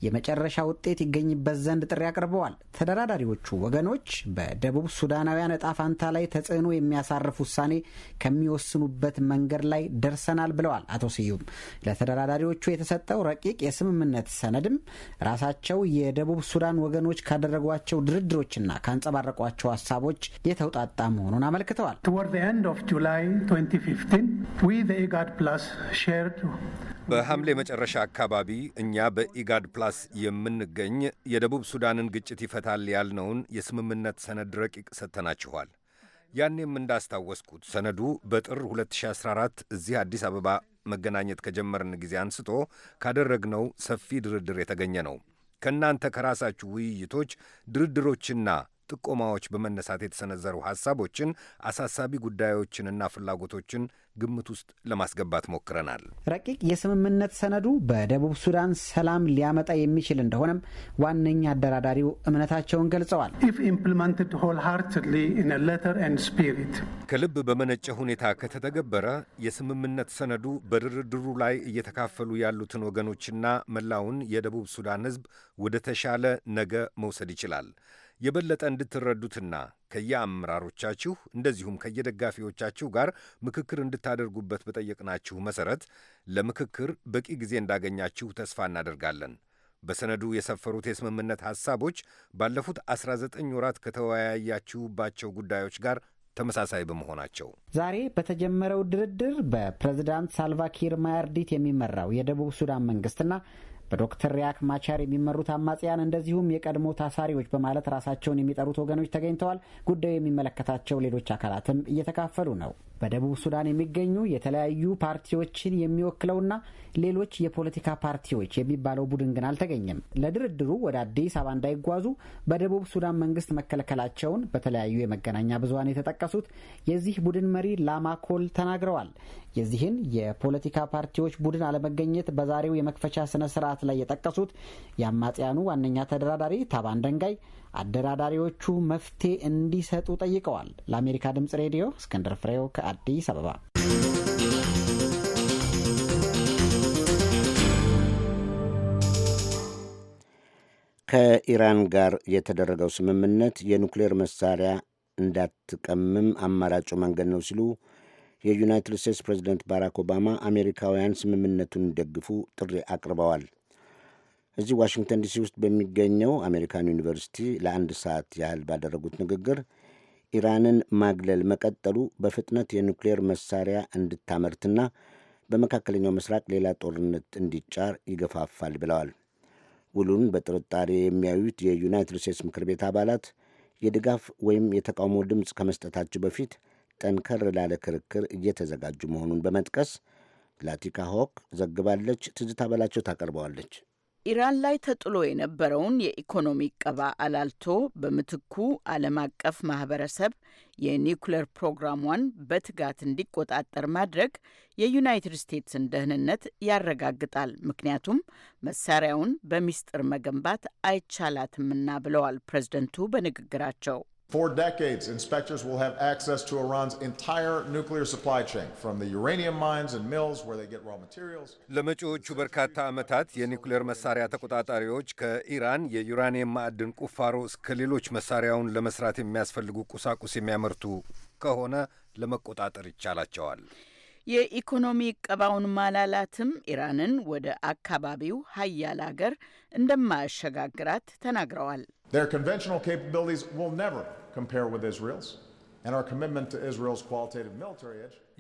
የመጨረሻ ውጤት ይገኝበት ዘንድ ጥሪ አቅርበዋል። ተደራዳሪዎቹ ወገኖች በደቡብ ሱዳናውያን እጣ ፋንታ ላይ ተጽዕኖ የሚያሳርፍ ውሳኔ ከሚወስኑበት መንገድ ላይ ደርሰናል ብለዋል አቶ ስዩም። ለተደራዳሪዎቹ የተሰጠው ረቂቅ የስምምነት ሰነድም ራሳቸው የደቡብ ሱዳን ወገኖች ካደረጓቸው ድርድሮችና ካንጸባረቋቸው ሀሳቦች የተውጣጣ መሆኑን አመልክተዋል። 2015 e Plus shared በሐምሌ መጨረሻ አካባቢ እኛ በኢጋድ ፕላስ የምንገኝ የደቡብ ሱዳንን ግጭት ይፈታል ያልነውን የስምምነት ሰነድ ረቂቅ ሰጥተናችኋል። ያኔም እንዳስታወስኩት ሰነዱ በጥር 2014 እዚህ አዲስ አበባ መገናኘት ከጀመርን ጊዜ አንስቶ ካደረግነው ሰፊ ድርድር የተገኘ ነው። ከእናንተ ከራሳችሁ ውይይቶች፣ ድርድሮችና ጥቆማዎች በመነሳት የተሰነዘሩ ሐሳቦችን፣ አሳሳቢ ጉዳዮችንና ፍላጎቶችን ግምት ውስጥ ለማስገባት ሞክረናል። ረቂቅ የስምምነት ሰነዱ በደቡብ ሱዳን ሰላም ሊያመጣ የሚችል እንደሆነም ዋነኛ አደራዳሪው እምነታቸውን ገልጸዋል። ከልብ በመነጨ ሁኔታ ከተተገበረ የስምምነት ሰነዱ በድርድሩ ላይ እየተካፈሉ ያሉትን ወገኖችና መላውን የደቡብ ሱዳን ሕዝብ ወደ ተሻለ ነገ መውሰድ ይችላል። የበለጠ እንድትረዱትና ከየአመራሮቻችሁ እንደዚሁም ከየደጋፊዎቻችሁ ጋር ምክክር እንድታደርጉበት በጠየቅናችሁ መሠረት ለምክክር በቂ ጊዜ እንዳገኛችሁ ተስፋ እናደርጋለን። በሰነዱ የሰፈሩት የስምምነት ሐሳቦች ባለፉት 19 ወራት ከተወያያችሁባቸው ጉዳዮች ጋር ተመሳሳይ በመሆናቸው ዛሬ በተጀመረው ድርድር በፕሬዝዳንት ሳልቫኪር ማያርዲት የሚመራው የደቡብ ሱዳን መንግስትና በዶክተር ሪያክ ማቻር የሚመሩት አማጽያን እንደዚሁም የቀድሞ ታሳሪዎች በማለት ራሳቸውን የሚጠሩት ወገኖች ተገኝተዋል። ጉዳዩ የሚመለከታቸው ሌሎች አካላትም እየተካፈሉ ነው። በደቡብ ሱዳን የሚገኙ የተለያዩ ፓርቲዎችን የሚወክለውና ሌሎች የፖለቲካ ፓርቲዎች የሚባለው ቡድን ግን አልተገኘም። ለድርድሩ ወደ አዲስ አበባ እንዳይጓዙ በደቡብ ሱዳን መንግስት መከልከላቸውን በተለያዩ የመገናኛ ብዙሀን የተጠቀሱት የዚህ ቡድን መሪ ላማኮል ተናግረዋል። የዚህን የፖለቲካ ፓርቲዎች ቡድን አለመገኘት በዛሬው የመክፈቻ ስነ ስርዓት ላይ የጠቀሱት የአማጽያኑ ዋነኛ ተደራዳሪ ታባን ደንጋይ አደራዳሪዎቹ መፍትሄ እንዲሰጡ ጠይቀዋል። ለአሜሪካ ድምጽ ሬዲዮ እስክንድር ፍሬው ከአዲስ አበባ። ከኢራን ጋር የተደረገው ስምምነት የኑክሌር መሳሪያ እንዳትቀምም አማራጩ መንገድ ነው ሲሉ የዩናይትድ ስቴትስ ፕሬዚደንት ባራክ ኦባማ አሜሪካውያን ስምምነቱን እንዲደግፉ ጥሪ አቅርበዋል። እዚህ ዋሽንግተን ዲሲ ውስጥ በሚገኘው አሜሪካን ዩኒቨርሲቲ ለአንድ ሰዓት ያህል ባደረጉት ንግግር ኢራንን ማግለል መቀጠሉ በፍጥነት የኒውክሌር መሳሪያ እንድታመርትና በመካከለኛው ምስራቅ ሌላ ጦርነት እንዲጫር ይገፋፋል ብለዋል። ውሉን በጥርጣሬ የሚያዩት የዩናይትድ ስቴትስ ምክር ቤት አባላት የድጋፍ ወይም የተቃውሞ ድምፅ ከመስጠታቸው በፊት ጠንከር ላለ ክርክር እየተዘጋጁ መሆኑን በመጥቀስ ላቲካ ሆክ ዘግባለች። ትዝታ በላቸው ታቀርበዋለች። ኢራን ላይ ተጥሎ የነበረውን የኢኮኖሚ ቀባ አላልቶ በምትኩ ዓለም አቀፍ ማህበረሰብ የኒውክሌር ፕሮግራሟን በትጋት እንዲቆጣጠር ማድረግ የዩናይትድ ስቴትስን ደህንነት ያረጋግጣል፣ ምክንያቱም መሳሪያውን በሚስጥር መገንባት አይቻላትምና ብለዋል ፕሬዝደንቱ በንግግራቸው። For decades, inspectors will have access to Iran's entire nuclear supply chain, from the uranium mines and mills where they get raw materials. ለመጪዎቹ በርካታ ዓመታት የኒውክሌር መሳሪያ ተቆጣጣሪዎች ከኢራን የዩራኒየም ማዕድን ቁፋሮ እስከ ሌሎች መሳሪያውን ለመስራት የሚያስፈልጉ ቁሳቁስ የሚያመርቱ ከሆነ ለመቆጣጠር ይቻላቸዋል። የኢኮኖሚ ቀባውን ማላላትም ኢራንን ወደ አካባቢው ሀያል አገር እንደማያሸጋግራት ተናግረዋል። Their conventional capabilities will never compare with Israel's.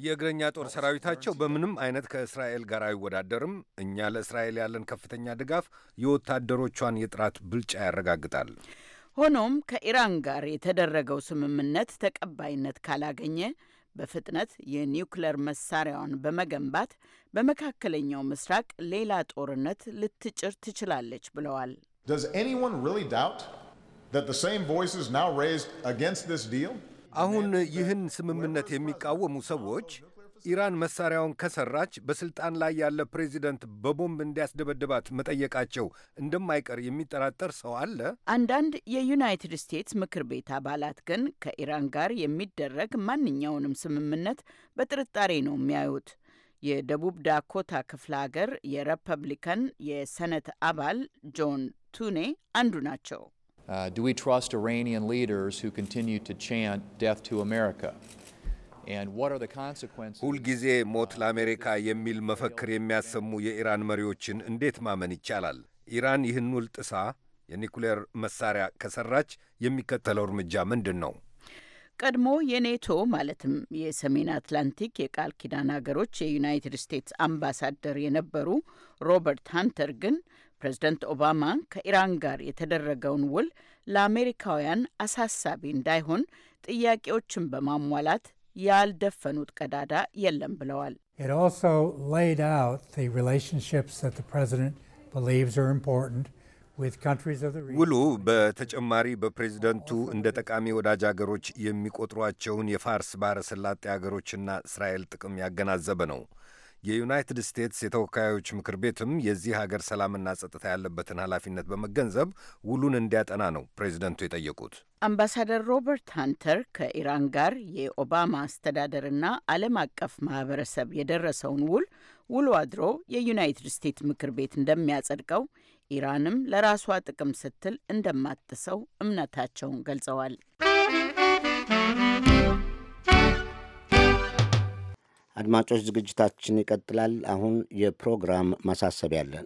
የእግረኛ ጦር ሰራዊታቸው በምንም አይነት ከእስራኤል ጋር አይወዳደርም። እኛ ለእስራኤል ያለን ከፍተኛ ድጋፍ የወታደሮቿን የጥራት ብልጫ ያረጋግጣል። ሆኖም ከኢራን ጋር የተደረገው ስምምነት ተቀባይነት ካላገኘ በፍጥነት የኒውክለር መሳሪያዋን በመገንባት በመካከለኛው ምስራቅ ሌላ ጦርነት ልትጭር ትችላለች ብለዋል። Does anyone really doubt that the same voices now raised against this deal? አሁን ይህን ስምምነት የሚቃወሙ ሰዎች ኢራን መሳሪያውን ከሰራች በስልጣን ላይ ያለ ፕሬዚደንት በቦምብ እንዲያስደበድባት መጠየቃቸው እንደማይቀር የሚጠራጠር ሰው አለ? አንዳንድ የዩናይትድ ስቴትስ ምክር ቤት አባላት ግን ከኢራን ጋር የሚደረግ ማንኛውንም ስምምነት በጥርጣሬ ነው የሚያዩት። የደቡብ ዳኮታ ክፍለ ሀገር የሪፐብሊካን የሰነት አባል ጆን ቱኔ አንዱ ናቸው። ሁልጊዜ ሞት ለአሜሪካ የሚል መፈክር የሚያሰሙ የኢራን መሪዎችን እንዴት ማመን ይቻላል? ኢራን ይህን ውል ጥሳ የኒኩሌር መሳሪያ ከሰራች የሚከተለው እርምጃ ምንድን ነው? ቀድሞ የኔቶ ማለትም የሰሜን አትላንቲክ የቃል ኪዳን ሀገሮች የዩናይትድ ስቴትስ አምባሳደር የነበሩ ሮበርት ሃንተር ግን ፕሬዝደንት ኦባማ ከኢራን ጋር የተደረገውን ውል ለአሜሪካውያን አሳሳቢ እንዳይሆን ጥያቄዎችን በማሟላት ያልደፈኑት ቀዳዳ የለም ብለዋል። ውሉ በተጨማሪ በፕሬዝደንቱ እንደ ጠቃሚ ወዳጅ አገሮች የሚቆጥሯቸውን የፋርስ ባሕረ ሰላጤ አገሮችና እስራኤል ጥቅም ያገናዘበ ነው። የዩናይትድ ስቴትስ የተወካዮች ምክር ቤትም የዚህ ሀገር ሰላምና ጸጥታ ያለበትን ኃላፊነት በመገንዘብ ውሉን እንዲያጠና ነው ፕሬዚደንቱ የጠየቁት። አምባሳደር ሮበርት ሃንተር ከኢራን ጋር የኦባማ አስተዳደርና ዓለም አቀፍ ማህበረሰብ የደረሰውን ውል ውሎ አድሮ የዩናይትድ ስቴትስ ምክር ቤት እንደሚያጸድቀው ኢራንም ለራሷ ጥቅም ስትል እንደማትጥሰው እምነታቸውን ገልጸዋል። አድማጮች፣ ዝግጅታችን ይቀጥላል። አሁን የፕሮግራም ማሳሰቢያ አለን።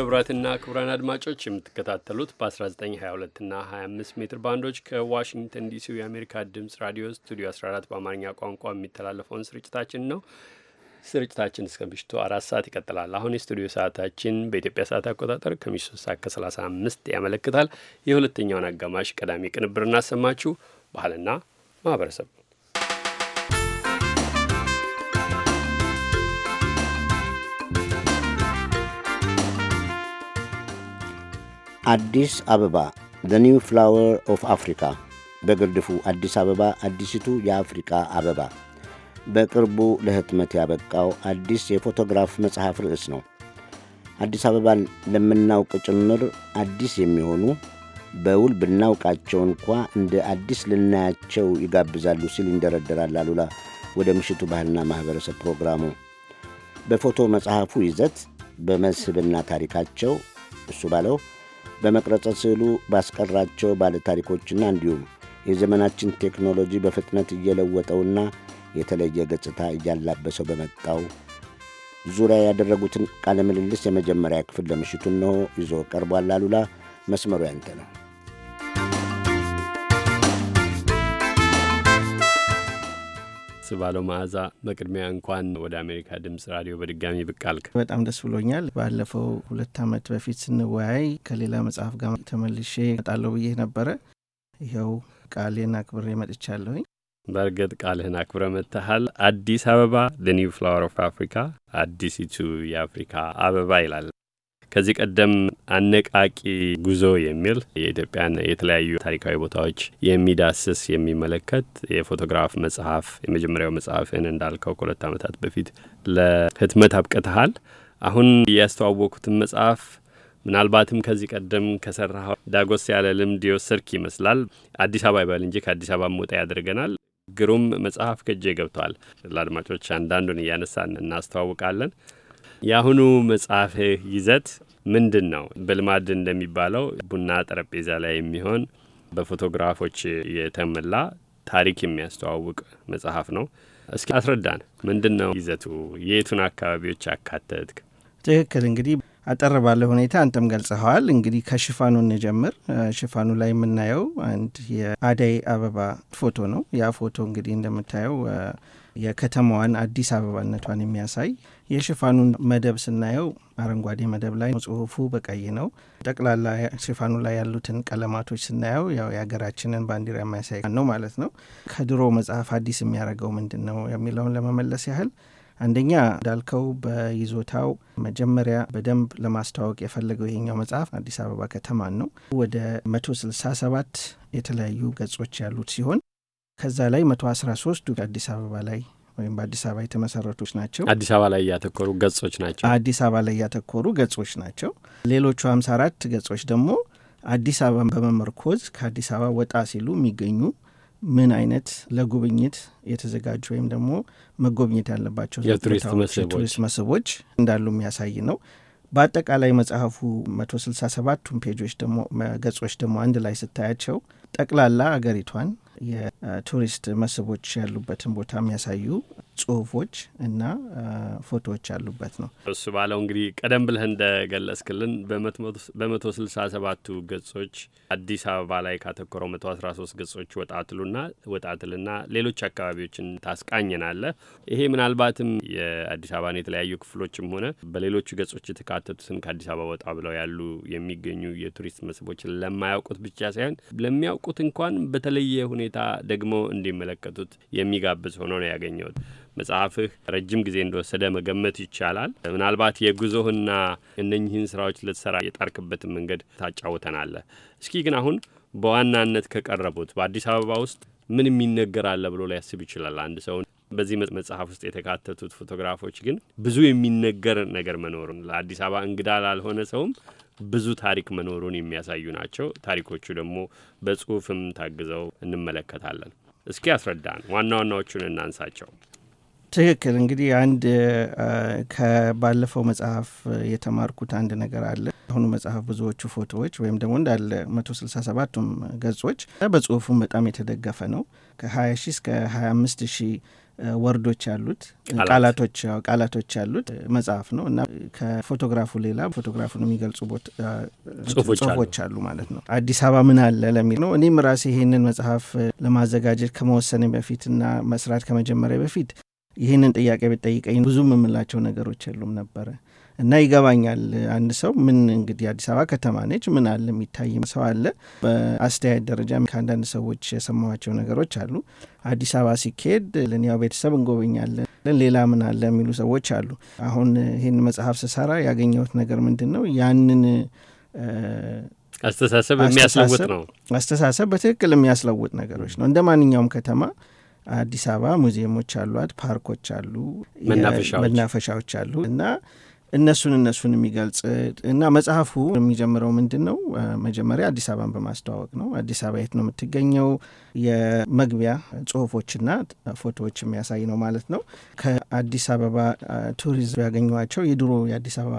ክቡራትና ክቡራን አድማጮች የምትከታተሉት በ1922 እና 25 ሜትር ባንዶች ከዋሽንግተን ዲሲ የአሜሪካ ድምፅ ራዲዮ ስቱዲዮ 14 በአማርኛ ቋንቋ የሚተላለፈውን ስርጭታችን ነው። ስርጭታችን እስከ ምሽቱ አራት ሰዓት ይቀጥላል። አሁን የስቱዲዮ ሰዓታችን በኢትዮጵያ ሰዓት አቆጣጠር ከምሽቱ ሰዓት ከ35 ያመለክታል። የሁለተኛውን አጋማሽ ቀዳሚ ቅንብር እናሰማችሁ። ባህልና ማህበረሰብ አዲስ አበባ ዘ ኒው ፍላወር ኦፍ አፍሪካ በግርድፉ አዲስ አበባ አዲሲቱ የአፍሪካ አበባ በቅርቡ ለህትመት ያበቃው አዲስ የፎቶግራፍ መጽሐፍ ርዕስ ነው። አዲስ አበባን ለምናውቅ ጭምር አዲስ የሚሆኑ በውል ብናውቃቸው እንኳ እንደ አዲስ ልናያቸው ይጋብዛሉ ሲል ይንደረደራል አሉላ ወደ ምሽቱ ባህልና ማኅበረሰብ ፕሮግራሙ። በፎቶ መጽሐፉ ይዘት በመስህብና ታሪካቸው እሱ ባለው በመቅረጸ ስዕሉ ባስቀራቸው ባለታሪኮችና እንዲሁም የዘመናችን ቴክኖሎጂ በፍጥነት እየለወጠውና የተለየ ገጽታ እያላበሰው በመጣው ዙሪያ ያደረጉትን ቃለ ምልልስ የመጀመሪያ ክፍል ለምሽቱ እነሆ ይዞ ቀርቧል። አሉላ መስመሩ ያንተ ነው። ደስ ባለው መዓዛ በቅድሚያ እንኳን ወደ አሜሪካ ድምጽ ራዲዮ በድጋሚ ብቅ አልክ። በጣም ደስ ብሎኛል። ባለፈው ሁለት ዓመት በፊት ስንወያይ ከሌላ መጽሐፍ ጋር ተመልሼ እመጣለሁ ብዬ ነበረ። ይኸው ቃሌን አክብሬ መጥቻለሁኝ። በእርግጥ ቃልህን አክብረ መጥተሃል። አዲስ አበባ ዘ ኒው ፍላወር ኦፍ አፍሪካ አዲሲቱ የአፍሪካ አበባ ይላል ከዚህ ቀደም አነቃቂ ጉዞ የሚል የኢትዮጵያን የተለያዩ ታሪካዊ ቦታዎች የሚዳስስ የሚመለከት የፎቶግራፍ መጽሐፍ የመጀመሪያው መጽሐፍን እንዳልከው ከሁለት ዓመታት በፊት ለህትመት አብቅተሃል። አሁን ያስተዋወቁትን መጽሐፍ ምናልባትም ከዚህ ቀደም ከሰራ ዳጎስ ያለ ልምድ የወሰድክ ይመስላል። አዲስ አበባ ይባል እንጂ ከአዲስ አበባ መውጣ ያደርገናል። ግሩም መጽሐፍ ከእጄ ገብቷል። ለአድማጮች አንዳንዱን እያነሳን እናስተዋውቃለን። የአሁኑ መጽሐፍህ ይዘት ምንድን ነው? በልማድ እንደሚባለው ቡና ጠረጴዛ ላይ የሚሆን በፎቶግራፎች የተሞላ ታሪክ የሚያስተዋውቅ መጽሐፍ ነው። እስኪ አስረዳን፣ ምንድን ነው ይዘቱ? የቱን አካባቢዎች አካተትክ? ትክክል። እንግዲህ አጠር ባለ ሁኔታ አንተም ገልጸኸዋል። እንግዲህ ከሽፋኑ እንጀምር። ሽፋኑ ላይ የምናየው አንድ የአዳይ አበባ ፎቶ ነው። ያ ፎቶ እንግዲህ እንደምታየው የከተማዋን አዲስ አበባነቷን የሚያሳይ የሽፋኑን መደብ ስናየው አረንጓዴ መደብ ላይ ጽሁፉ በቀይ ነው። ጠቅላላ ሽፋኑ ላይ ያሉትን ቀለማቶች ስናየው ያው የሀገራችንን ባንዲራ የሚያሳይ ነው ማለት ነው። ከድሮ መጽሐፍ አዲስ የሚያደርገው ምንድን ነው የሚለውን ለመመለስ ያህል አንደኛ እንዳልከው በይዞታው መጀመሪያ በደንብ ለማስተዋወቅ የፈለገው ይሄኛው መጽሐፍ አዲስ አበባ ከተማን ነው። ወደ ሰባት የተለያዩ ገጾች ያሉት ሲሆን ከዛ ላይ መቶ አስራ ሶስቱ አዲስ አበባ ላይ ወይም በአዲስ አበባ የተመሰረቶች ናቸው። አዲስ አበባ ላይ ያተኮሩ ገጾች ናቸው። አዲስ አበባ ላይ እያተኮሩ ገጾች ናቸው። ሌሎቹ ሀምሳ አራት ገጾች ደግሞ አዲስ አበባ በመመርኮዝ ከአዲስ አበባ ወጣ ሲሉ የሚገኙ ምን አይነት ለጉብኝት የተዘጋጁ ወይም ደግሞ መጎብኘት ያለባቸው የቱሪስት መስህቦች እንዳሉ የሚያሳይ ነው። በአጠቃላይ መጽሐፉ መቶ ስልሳ ሰባቱን ፔጆች ደግሞ ገጾች ደግሞ አንድ ላይ ስታያቸው ጠቅላላ አገሪቷን የቱሪስት መስህቦች ያሉበትን ቦታ የሚያሳዩ ጽሁፎች እና ፎቶዎች ያሉበት ነው። እሱ ባለው እንግዲህ ቀደም ብለህ እንደገለጽክልን በመቶ ስልሳ ሰባቱ ገጾች አዲስ አበባ ላይ ካተኮረው መቶ አስራ ሶስት ገጾች ወጣትሉና ወጣትልና ሌሎች አካባቢዎችን ታስቃኝናለህ። ይሄ ምናልባትም የአዲስ አበባን የተለያዩ ክፍሎችም ሆነ በሌሎቹ ገጾች የተካተቱትን ከአዲስ አበባ ወጣ ብለው ያሉ የሚገኙ የቱሪስት መስህቦችን ለማያውቁት ብቻ ሳይሆን ለሚያውቁት እንኳን በተለየ ሁኔታ ደግሞ እንዲመለከቱት የሚጋብዝ ሆኖ ነው ያገኘሁት። መጽሐፍህ ረጅም ጊዜ እንደወሰደ መገመት ይቻላል። ምናልባት የጉዞህና እነኝህን ስራዎች ልትሰራ የጣርክበትን መንገድ ታጫውተናለህ። እስኪ ግን አሁን በዋናነት ከቀረቡት በአዲስ አበባ ውስጥ ምን የሚነገራለ ብሎ ሊያስብ ይችላል አንድ ሰው። በዚህ መጽሐፍ ውስጥ የተካተቱት ፎቶግራፎች ግን ብዙ የሚነገር ነገር መኖሩን ለአዲስ አበባ እንግዳ ላልሆነ ሰውም ብዙ ታሪክ መኖሩን የሚያሳዩ ናቸው። ታሪኮቹ ደግሞ በጽሁፍም ታግዘው እንመለከታለን። እስኪ አስረዳን፣ ዋና ዋናዎቹን እናንሳቸው። ትክክል። እንግዲህ አንድ ከባለፈው መጽሐፍ የተማርኩት አንድ ነገር አለ። አሁኑ መጽሐፍ ብዙዎቹ ፎቶዎች ወይም ደግሞ እንዳለ መቶ ስልሳ ሰባቱም ገጾች በጽሁፉም በጣም የተደገፈ ነው። ከ20 ሺህ እስከ አምስት ሺ ወርዶች ያሉት ቃላቶች ቃላቶች ያሉት መጽሐፍ ነው እና ከፎቶግራፉ ሌላ ፎቶግራፉን የሚገልጹ ጽሁፎች አሉ ማለት ነው። አዲስ አበባ ምን አለ ለሚል ነው። እኔም ራሴ ይሄንን መጽሐፍ ለማዘጋጀት ከመወሰን በፊት እና መስራት ከመጀመሪያ በፊት ይህንን ጥያቄ ብጠይቀኝ ብዙ የምላቸው ነገሮች የሉም ነበረ እና ይገባኛል። አንድ ሰው ምን እንግዲህ አዲስ አበባ ከተማ ነች፣ ምን አለ የሚታይም ሰው አለ። በአስተያየት ደረጃ ከአንዳንድ ሰዎች የሰማኋቸው ነገሮች አሉ። አዲስ አበባ ሲካሄድ ለኒያው ቤተሰብ እንጎበኛለን፣ ሌላ ምን አለ የሚሉ ሰዎች አሉ። አሁን ይህን መጽሐፍ ስሰራ ያገኘሁት ነገር ምንድን ነው? ያንን አስተሳሰብ የሚያስለውጥ ነው። አስተሳሰብ በትክክል የሚያስለውጥ ነገሮች ነው። እንደ ማንኛውም ከተማ አዲስ አበባ ሙዚየሞች አሏት፣ ፓርኮች አሉ፣ መናፈሻዎች አሉ እና እነሱን እነሱን የሚገልጽ እና መጽሐፉ የሚጀምረው ምንድን ነው? መጀመሪያ አዲስ አበባን በማስተዋወቅ ነው። አዲስ አበባ የት ነው የምትገኘው? የመግቢያ ጽሁፎችና ፎቶዎች የሚያሳይ ነው ማለት ነው። ከአዲስ አበባ ቱሪዝም ያገኘቸው የድሮ የአዲስ አበባ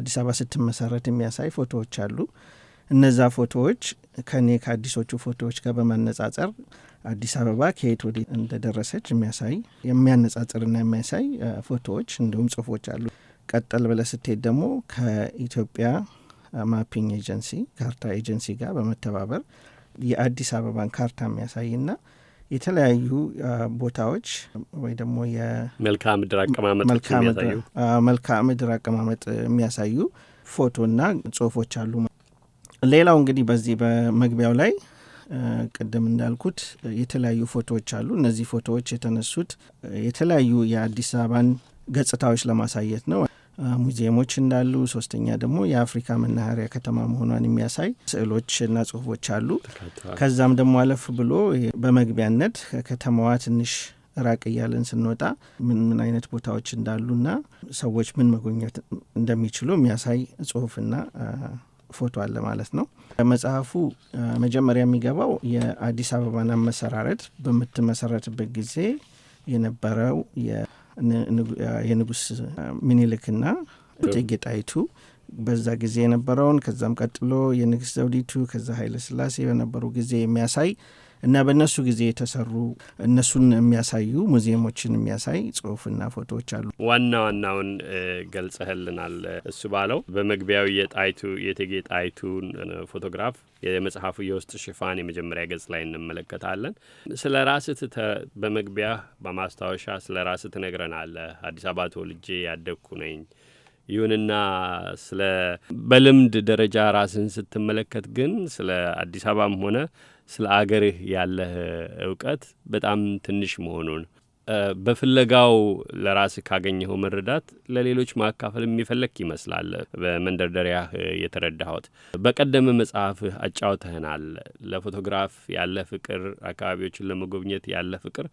አዲስ አበባ ስትመሰረት የሚያሳይ ፎቶዎች አሉ። እነዛ ፎቶዎች ከኔ ከአዲሶቹ ፎቶዎች ጋር በማነጻጸር አዲስ አበባ ከየት ወደ እንደደረሰች የሚያሳይ የሚያነጻጽርና የሚያሳይ ፎቶዎች እንዲሁም ጽሁፎች አሉ። ቀጠል ብለ ስትሄድ ደግሞ ከኢትዮጵያ ማፒንግ ኤጀንሲ ካርታ ኤጀንሲ ጋር በመተባበር የአዲስ አበባን ካርታ የሚያሳይና የተለያዩ ቦታዎች ወይ ደግሞ የመልክዓ ምድር አቀማመጥ ምድር አቀማመጥ የሚያሳዩ ፎቶና ጽሁፎች አሉ። ሌላው እንግዲህ በዚህ በመግቢያው ላይ ቅድም እንዳልኩት የተለያዩ ፎቶዎች አሉ። እነዚህ ፎቶዎች የተነሱት የተለያዩ የአዲስ አበባን ገጽታዎች ለማሳየት ነው። ሙዚየሞች እንዳሉ፣ ሶስተኛ ደግሞ የአፍሪካ መናኸሪያ ከተማ መሆኗን የሚያሳይ እና ጽሁፎች አሉ። ከዛም ደግሞ አለፍ ብሎ በመግቢያነት ከከተማዋ ትንሽ ራቅ እያለን ስንወጣ ምን ምን አይነት ቦታዎች እንዳሉና ሰዎች ምን መጎብኘት እንደሚችሉ የሚያሳይ ጽሁፍና ፎቶ አለ ማለት ነው። መጽሐፉ መጀመሪያ የሚገባው የአዲስ አበባን አመሰራረት በምትመሰረትበት ጊዜ የነበረው የንጉስ ሚኒልክና እቴጌ ጣይቱ በዛ ጊዜ የነበረውን ከዛም ቀጥሎ የንግስት ዘውዲቱ ከዛ ኃይለ ስላሴ በነበሩ ጊዜ የሚያሳይ እና በእነሱ ጊዜ የተሰሩ እነሱን የሚያሳዩ ሙዚየሞችን የሚያሳይ ጽሁፍና ፎቶዎች አሉ። ዋና ዋናውን ገልጸህልናል። እሱ ባለው በመግቢያው የጣይቱ የእቴጌ ጣይቱን ፎቶግራፍ የመጽሐፉ የውስጥ ሽፋን የመጀመሪያ ገጽ ላይ እንመለከታለን። ስለ ራስህ በመግቢያ በማስታወሻ ስለ ራስህ ትነግረናለህ። አዲስ አበባ ተወልጄ ያደግኩ ነኝ። ይሁንና ስለ በልምድ ደረጃ ራስህን ስትመለከት ግን ስለ አዲስ አበባም ሆነ ስለ አገርህ ያለህ እውቀት በጣም ትንሽ መሆኑን በፍለጋው ለራስህ ካገኘኸው መረዳት ለሌሎች ማካፈል የሚፈለግ ይመስላል። በመንደርደሪያህ የተረዳሁት በቀደመ መጽሐፍህ አጫውተህናል። ለፎቶግራፍ ያለ ፍቅር፣ አካባቢዎችን ለመጎብኘት ያለ ፍቅር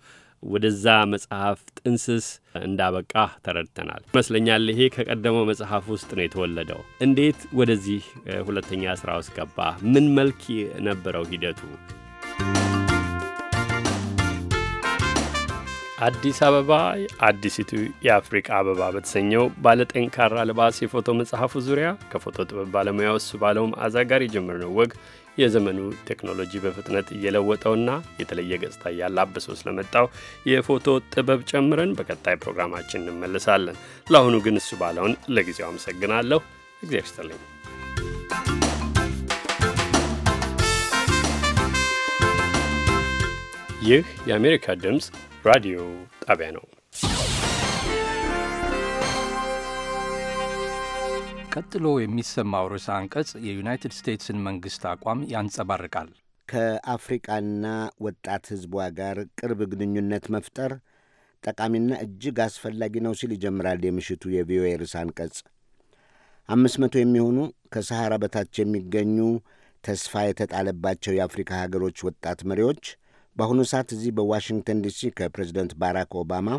ወደዛ መጽሐፍ ጥንስስ እንዳበቃ ተረድተናል ይመስለኛል። ይሄ ከቀደመው መጽሐፍ ውስጥ ነው የተወለደው። እንዴት ወደዚህ ሁለተኛ ስራ ውስጥ ገባ? ምን መልክ ነበረው ሂደቱ? አዲስ አበባ አዲሲቱ የአፍሪቃ አበባ በተሰኘው ባለጠንካራ ልባስ የፎቶ መጽሐፉ ዙሪያ ከፎቶ ጥበብ ባለሙያ እሱ ባለው መዓዛ ጋር የጀመርነው ወግ የዘመኑ ቴክኖሎጂ በፍጥነት እየለወጠውና የተለየ ገጽታ እያላበሰው ስለመጣው የፎቶ ጥበብ ጨምረን በቀጣይ ፕሮግራማችን እንመለሳለን። ለአሁኑ ግን እሱ ባለውን ለጊዜው አመሰግናለሁ። እግዚአብሔር ይስጥልኝ። ይህ የአሜሪካ ድምፅ ራዲዮ ጣቢያ ነው። ቀጥሎ የሚሰማው ርዕሰ አንቀጽ የዩናይትድ ስቴትስን መንግሥት አቋም ያንጸባርቃል። ከአፍሪቃና ወጣት ሕዝቧ ጋር ቅርብ ግንኙነት መፍጠር ጠቃሚና እጅግ አስፈላጊ ነው ሲል ይጀምራል የምሽቱ የቪኦኤ ርዕሰ አንቀጽ። አምስት መቶ የሚሆኑ ከሰሐራ በታች የሚገኙ ተስፋ የተጣለባቸው የአፍሪካ ሀገሮች ወጣት መሪዎች በአሁኑ ሰዓት እዚህ በዋሽንግተን ዲሲ ከፕሬዚደንት ባራክ ኦባማ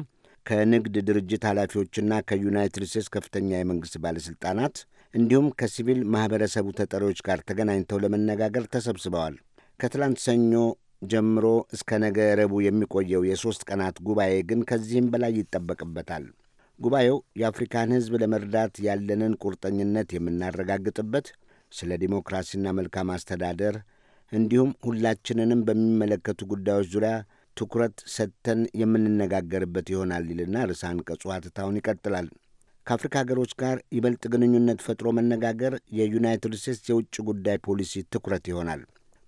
ከንግድ ድርጅት ኃላፊዎችና ከዩናይትድ ስቴትስ ከፍተኛ የመንግሥት ባለሥልጣናት እንዲሁም ከሲቪል ማኅበረሰቡ ተጠሪዎች ጋር ተገናኝተው ለመነጋገር ተሰብስበዋል። ከትላንት ሰኞ ጀምሮ እስከ ነገ ረቡዕ የሚቆየው የሦስት ቀናት ጉባኤ ግን ከዚህም በላይ ይጠበቅበታል። ጉባኤው የአፍሪካን ሕዝብ ለመርዳት ያለንን ቁርጠኝነት የምናረጋግጥበት፣ ስለ ዲሞክራሲና መልካም አስተዳደር እንዲሁም ሁላችንንም በሚመለከቱ ጉዳዮች ዙሪያ ትኩረት ሰጥተን የምንነጋገርበት ይሆናል ይልና ርዕሰ አንቀጹ ሐተታውን ይቀጥላል። ከአፍሪካ ሀገሮች ጋር ይበልጥ ግንኙነት ፈጥሮ መነጋገር የዩናይትድ ስቴትስ የውጭ ጉዳይ ፖሊሲ ትኩረት ይሆናል።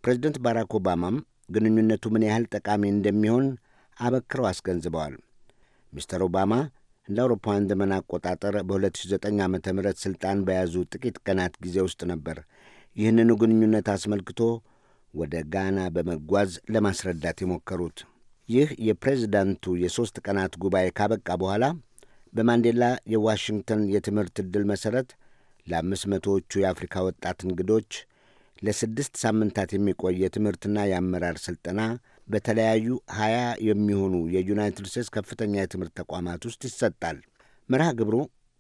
ፕሬዚደንት ባራክ ኦባማም ግንኙነቱ ምን ያህል ጠቃሚ እንደሚሆን አበክረው አስገንዝበዋል። ሚስተር ኦባማ እንደ አውሮፓውያን ዘመን አቆጣጠር በ2009 ዓ ም ስልጣን በያዙ ጥቂት ቀናት ጊዜ ውስጥ ነበር ይህንኑ ግንኙነት አስመልክቶ ወደ ጋና በመጓዝ ለማስረዳት የሞከሩት። ይህ የፕሬዚዳንቱ የሦስት ቀናት ጉባኤ ካበቃ በኋላ በማንዴላ የዋሽንግተን የትምህርት ዕድል መሠረት ለአምስት መቶዎቹ የአፍሪካ ወጣት እንግዶች ለስድስት ሳምንታት የሚቆይ የትምህርትና የአመራር ሥልጠና በተለያዩ ሀያ የሚሆኑ የዩናይትድ ስቴትስ ከፍተኛ የትምህርት ተቋማት ውስጥ ይሰጣል። መርሃ ግብሩ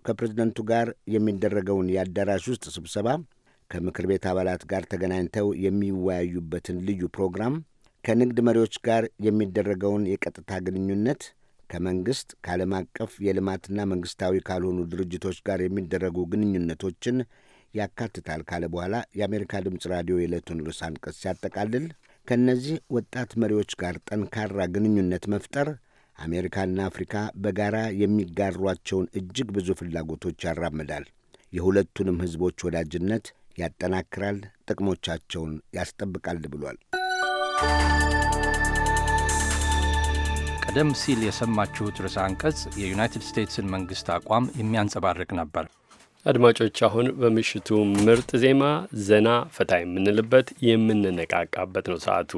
ከፕሬዝደንቱ ጋር የሚደረገውን የአዳራሽ ውስጥ ስብሰባ፣ ከምክር ቤት አባላት ጋር ተገናኝተው የሚወያዩበትን ልዩ ፕሮግራም ከንግድ መሪዎች ጋር የሚደረገውን የቀጥታ ግንኙነት ከመንግሥት ከዓለም አቀፍ የልማትና መንግሥታዊ ካልሆኑ ድርጅቶች ጋር የሚደረጉ ግንኙነቶችን ያካትታል ካለ በኋላ የአሜሪካ ድምፅ ራዲዮ የዕለቱን ርዕስ አንቀጽ ሲያጠቃልል ከእነዚህ ወጣት መሪዎች ጋር ጠንካራ ግንኙነት መፍጠር አሜሪካና አፍሪካ በጋራ የሚጋሯቸውን እጅግ ብዙ ፍላጎቶች ያራምዳል፣ የሁለቱንም ሕዝቦች ወዳጅነት ያጠናክራል፣ ጥቅሞቻቸውን ያስጠብቃል ብሏል። ቀደም ሲል የሰማችሁት ርዕሰ አንቀጽ የዩናይትድ ስቴትስን መንግስት አቋም የሚያንጸባርቅ ነበር። አድማጮች አሁን በምሽቱ ምርጥ ዜማ ዘና ፈታ የምንልበት የምንነቃቃበት ነው ሰዓቱ።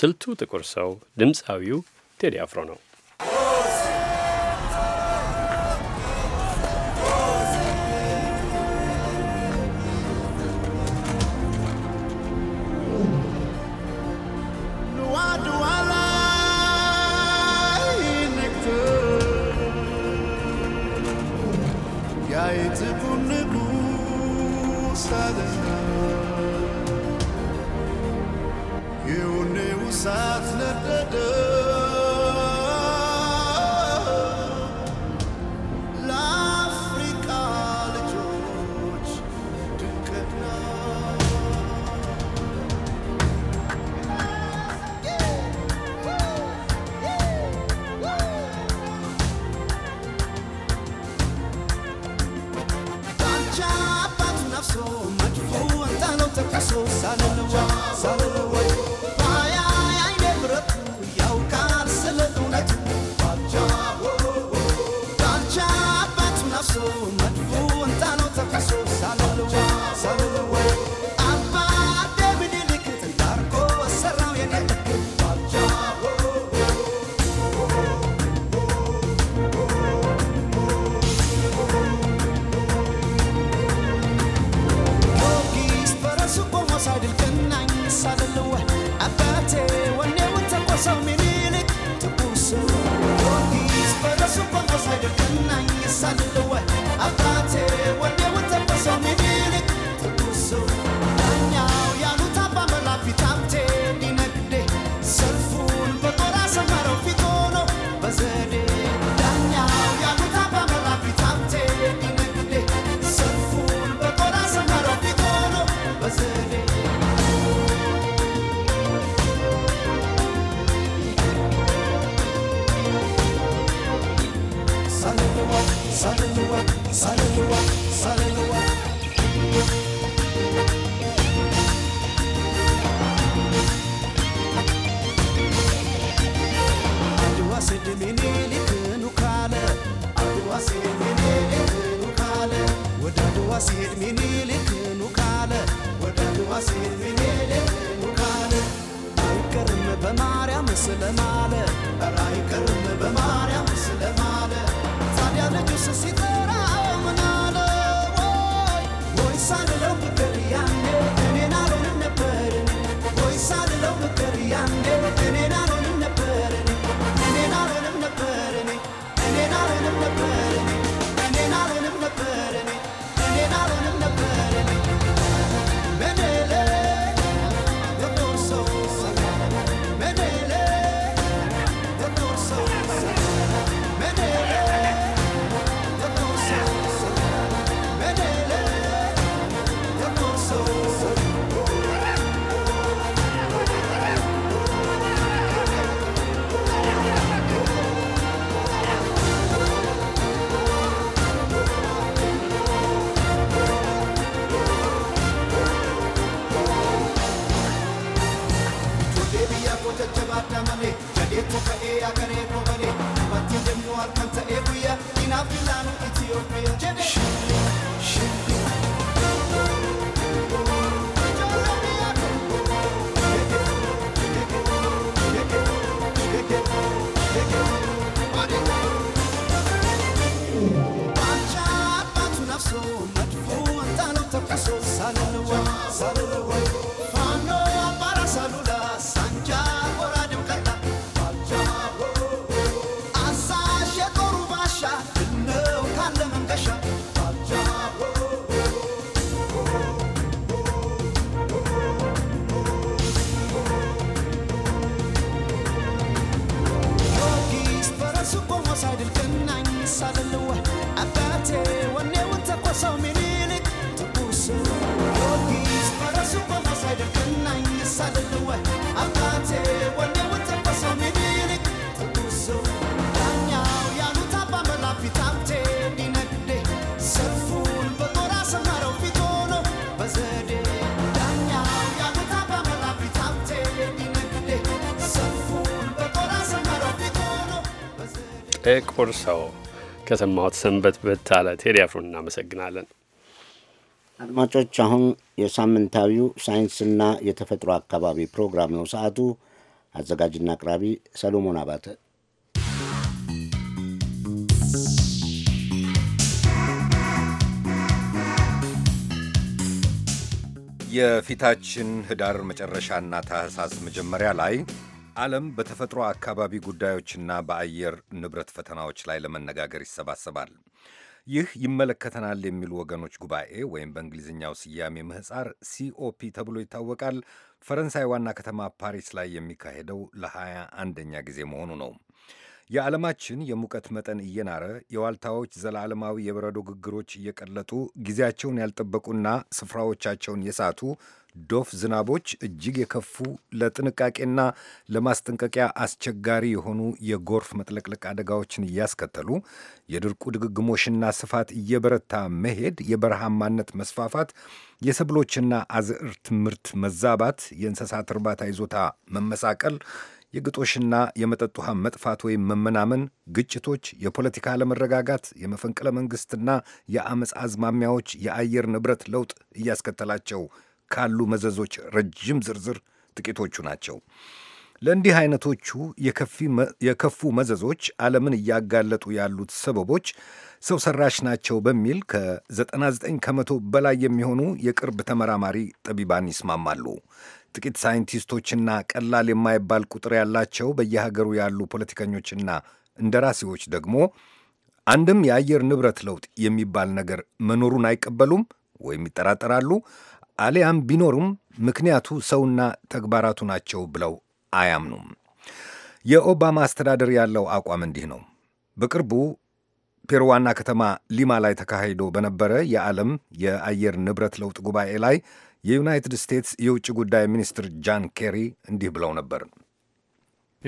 ስልቱ ጥቁር ሰው ድምፃዊው ቴዲ አፍሮ ነው። されるわ Saludos. ጥቁር ሰው ከሰማሁት ሰንበት በታለ ቴዲ አፍሮን እናመሰግናለን። አድማጮች፣ አሁን የሳምንታዊው ሳይንስና የተፈጥሮ አካባቢ ፕሮግራም ነው ሰዓቱ። አዘጋጅና አቅራቢ ሰሎሞን አባተ። የፊታችን ህዳር መጨረሻና ታህሳስ መጀመሪያ ላይ ዓለም በተፈጥሮ አካባቢ ጉዳዮችና በአየር ንብረት ፈተናዎች ላይ ለመነጋገር ይሰባሰባል። ይህ ይመለከተናል የሚሉ ወገኖች ጉባኤ ወይም በእንግሊዝኛው ስያሜ ምህፃር ሲኦፒ ተብሎ ይታወቃል። ፈረንሳይ ዋና ከተማ ፓሪስ ላይ የሚካሄደው ለሃያ አንደኛ ጊዜ መሆኑ ነው። የዓለማችን የሙቀት መጠን እየናረ የዋልታዎች ዘላለማዊ የበረዶ ግግሮች እየቀለጡ ጊዜያቸውን ያልጠበቁና ስፍራዎቻቸውን የሳቱ ዶፍ ዝናቦች እጅግ የከፉ ለጥንቃቄና ለማስጠንቀቂያ አስቸጋሪ የሆኑ የጎርፍ መጥለቅለቅ አደጋዎችን እያስከተሉ የድርቁ ድግግሞሽና ስፋት እየበረታ መሄድ፣ የበረሃማነት መስፋፋት፣ የሰብሎችና አዝዕርት ምርት መዛባት፣ የእንስሳት እርባታ ይዞታ መመሳቀል የግጦሽና የመጠጥ ውሃ መጥፋት ወይም መመናመን፣ ግጭቶች፣ የፖለቲካ አለመረጋጋት፣ የመፈንቅለ መንግስትና የአመፅ አዝማሚያዎች የአየር ንብረት ለውጥ እያስከተላቸው ካሉ መዘዞች ረጅም ዝርዝር ጥቂቶቹ ናቸው። ለእንዲህ አይነቶቹ የከፉ መዘዞች ዓለምን እያጋለጡ ያሉት ሰበቦች ሰው ሰራሽ ናቸው በሚል ከ99 ከመቶ በላይ የሚሆኑ የቅርብ ተመራማሪ ጠቢባን ይስማማሉ። ጥቂት ሳይንቲስቶችና ቀላል የማይባል ቁጥር ያላቸው በየሀገሩ ያሉ ፖለቲከኞችና እንደራሴዎች ደግሞ አንድም የአየር ንብረት ለውጥ የሚባል ነገር መኖሩን አይቀበሉም ወይም ይጠራጠራሉ። አሊያም ቢኖሩም ምክንያቱ ሰውና ተግባራቱ ናቸው ብለው አያምኑም። የኦባማ አስተዳደር ያለው አቋም እንዲህ ነው። በቅርቡ ፔሩ ዋና ከተማ ሊማ ላይ ተካሂዶ በነበረ የዓለም የአየር ንብረት ለውጥ ጉባኤ ላይ የዩናይትድ ስቴትስ የውጭ ጉዳይ ሚኒስትር ጃን ኬሪ እንዲህ ብለው ነበር።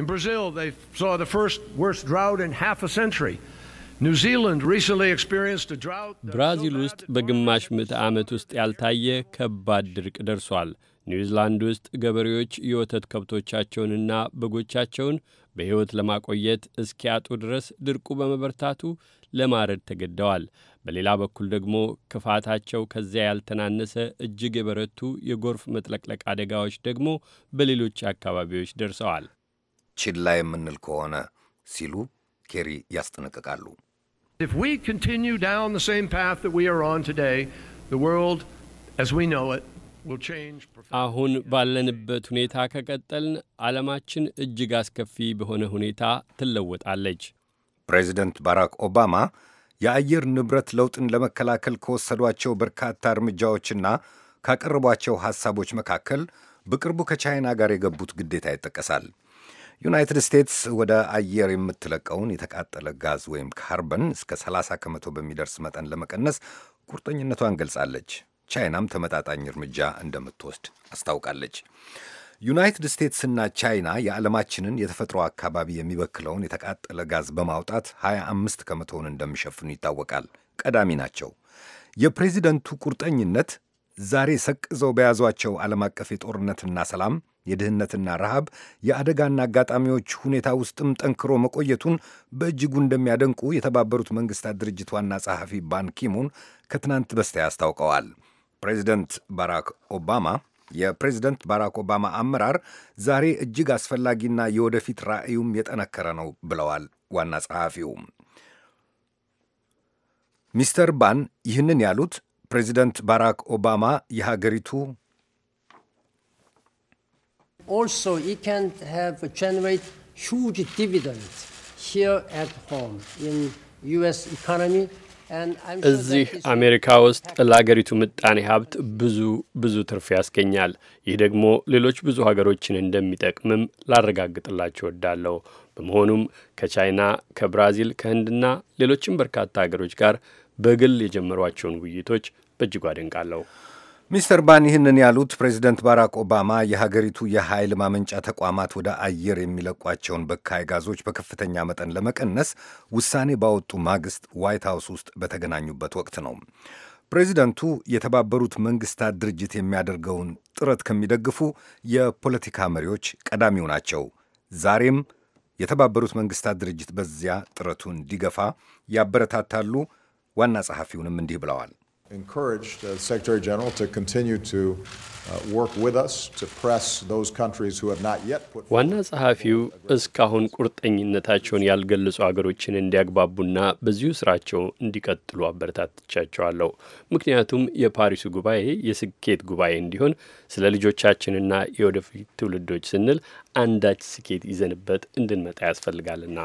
In Brazil, they saw the first worst drought in half a century. ብራዚል ውስጥ በግማሽ ምዕተ ዓመት ውስጥ ያልታየ ከባድ ድርቅ ደርሷል። ኒውዚላንድ ውስጥ ገበሬዎች የወተት ከብቶቻቸውንና በጎቻቸውን በሕይወት ለማቆየት እስኪያጡ ድረስ ድርቁ በመበርታቱ ለማረድ ተገደዋል። በሌላ በኩል ደግሞ ክፋታቸው ከዚያ ያልተናነሰ እጅግ የበረቱ የጎርፍ መጥለቅለቅ አደጋዎች ደግሞ በሌሎች አካባቢዎች ደርሰዋል። ችላ የምንል ከሆነ ሲሉ ኬሪ ያስጠነቅቃሉ። If we continue down the same path that we are on today, the world as we know it will change. አሁን ባለንበት ሁኔታ ከቀጠልን ዓለማችን እጅግ አስከፊ በሆነ ሁኔታ ትለወጣለች። ፕሬዚደንት ባራክ ኦባማ የአየር ንብረት ለውጥን ለመከላከል ከወሰዷቸው በርካታ እርምጃዎችና ካቀረቧቸው ሐሳቦች መካከል በቅርቡ ከቻይና ጋር የገቡት ግዴታ ይጠቀሳል። ዩናይትድ ስቴትስ ወደ አየር የምትለቀውን የተቃጠለ ጋዝ ወይም ካርበን እስከ 30 ከመቶ በሚደርስ መጠን ለመቀነስ ቁርጠኝነቷን ገልጻለች። ቻይናም ተመጣጣኝ እርምጃ እንደምትወስድ አስታውቃለች። ዩናይትድ ስቴትስና ቻይና የዓለማችንን የተፈጥሮ አካባቢ የሚበክለውን የተቃጠለ ጋዝ በማውጣት 25 ከመቶውን እንደሚሸፍኑ ይታወቃል። ቀዳሚ ናቸው። የፕሬዚደንቱ ቁርጠኝነት ዛሬ ሰቅዘው በያዟቸው ዓለም አቀፍ የጦርነትና ሰላም የድህነትና ረሃብ የአደጋና አጋጣሚዎች ሁኔታ ውስጥም ጠንክሮ መቆየቱን በእጅጉ እንደሚያደንቁ የተባበሩት መንግስታት ድርጅት ዋና ጸሐፊ ባንኪሙን ከትናንት በስቲያ አስታውቀዋል። ፕሬዚደንት ባራክ ኦባማ የፕሬዚደንት ባራክ ኦባማ አመራር ዛሬ እጅግ አስፈላጊና የወደፊት ራዕዩም የጠነከረ ነው ብለዋል ዋና ጸሐፊው። ሚስተር ባን ይህንን ያሉት ፕሬዚደንት ባራክ ኦባማ የሀገሪቱ Also, it can have uh, generate huge dividends here at home in U.S. economy. እዚህ አሜሪካ ውስጥ ለሀገሪቱ ምጣኔ ሀብት ብዙ ብዙ ትርፍ ያስገኛል። ይህ ደግሞ ሌሎች ብዙ ሀገሮችን እንደሚጠቅምም ላረጋግጥላቸው እወዳለሁ። በመሆኑም ከቻይና፣ ከብራዚል፣ ከህንድና ሌሎችም በርካታ ሀገሮች ጋር በግል የጀመሯቸውን ውይይቶች በእጅጉ አደንቃለሁ። ሚስተር ባን ይህንን ያሉት ፕሬዚደንት ባራክ ኦባማ የሀገሪቱ የኃይል ማመንጫ ተቋማት ወደ አየር የሚለቋቸውን በካይ ጋዞች በከፍተኛ መጠን ለመቀነስ ውሳኔ ባወጡ ማግስት ዋይት ሀውስ ውስጥ በተገናኙበት ወቅት ነው። ፕሬዚደንቱ የተባበሩት መንግስታት ድርጅት የሚያደርገውን ጥረት ከሚደግፉ የፖለቲካ መሪዎች ቀዳሚው ናቸው። ዛሬም የተባበሩት መንግስታት ድርጅት በዚያ ጥረቱ እንዲገፋ ያበረታታሉ። ዋና ጸሐፊውንም እንዲህ ብለዋል። encouraged the uh, Secretary General to continue to uh, work with us to press those countries who have not yet put ዋና ጸሐፊው እስካሁን ቁርጠኝነታቸውን ያልገለጹ አገሮችን እንዲያግባቡና በዚሁ ስራቸው እንዲቀጥሉ አበረታትቻቸዋለሁ። ምክንያቱም የፓሪሱ ጉባኤ የስኬት ጉባኤ እንዲሆን ስለ ልጆቻችንና የወደፊት ትውልዶች ስንል አንዳች ስኬት ይዘንበት እንድንመጣ ያስፈልጋልና።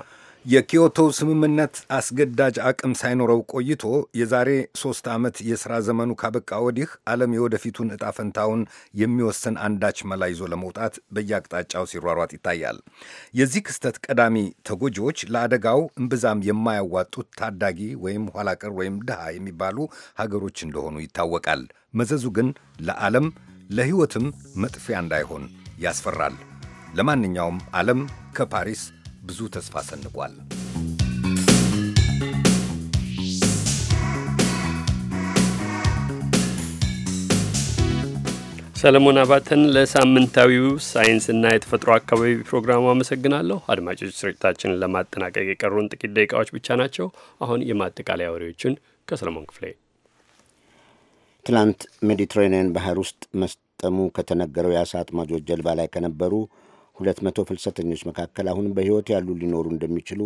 የኪዮቶ ስምምነት አስገዳጅ አቅም ሳይኖረው ቆይቶ የዛሬ ሶስት ዓመት የሥራ ዘመኑ ካበቃ ወዲህ ዓለም የወደፊቱን ዕጣ ፈንታውን የሚወስን አንዳች መላ ይዞ ለመውጣት በየአቅጣጫው ሲሯሯጥ ይታያል። የዚህ ክስተት ቀዳሚ ተጎጂዎች ለአደጋው እምብዛም የማያዋጡት ታዳጊ ወይም ኋላቀር ወይም ድሃ የሚባሉ ሀገሮች እንደሆኑ ይታወቃል። መዘዙ ግን ለዓለም ለሕይወትም መጥፊያ እንዳይሆን ያስፈራል። ለማንኛውም ዓለም ከፓሪስ ብዙ ተስፋ ሰንቋል። ሰለሞን አባተን ለሳምንታዊው ሳይንስና የተፈጥሮ አካባቢ ፕሮግራሙ አመሰግናለሁ። አድማጮች ስርጭታችንን ለማጠናቀቅ የቀሩን ጥቂት ደቂቃዎች ብቻ ናቸው። አሁን የማጠቃለያ ወሬዎችን ከሰለሞን ክፍሌ። ትላንት ሜዲትሬኒያን ባህር ውስጥ መስጠሙ ከተነገረው የአሳ አጥማጆች ጀልባ ላይ ከነበሩ ሁለት መቶ ፍልሰተኞች መካከል አሁን በሕይወት ያሉ ሊኖሩ እንደሚችሉ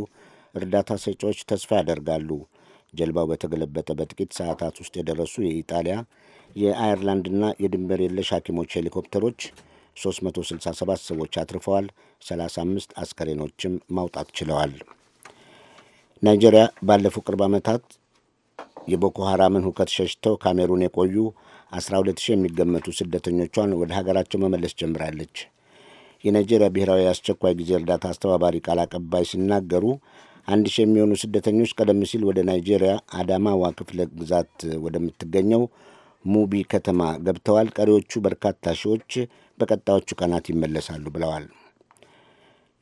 እርዳታ ሰጪዎች ተስፋ ያደርጋሉ። ጀልባው በተገለበጠ በጥቂት ሰዓታት ውስጥ የደረሱ የኢጣሊያ የአየርላንድና የድንበር የለሽ ሐኪሞች ሄሊኮፕተሮች 367 ሰዎች አትርፈዋል። 35 አስከሬኖችም ማውጣት ችለዋል። ናይጄሪያ ባለፉ ቅርብ ዓመታት የቦኮ ሐራምን ሁከት ሸሽተው ካሜሩን የቆዩ 120 የሚገመቱ ስደተኞቿን ወደ ሀገራቸው መመለስ ጀምራለች። የናይጄሪያ ብሔራዊ አስቸኳይ ጊዜ እርዳታ አስተባባሪ ቃል አቀባይ ሲናገሩ አንድ ሺህ የሚሆኑ ስደተኞች ቀደም ሲል ወደ ናይጄሪያ አዳማዋ ክፍለ ግዛት ወደምትገኘው ሙቢ ከተማ ገብተዋል። ቀሪዎቹ በርካታ ሺዎች በቀጣዮቹ ቀናት ይመለሳሉ ብለዋል።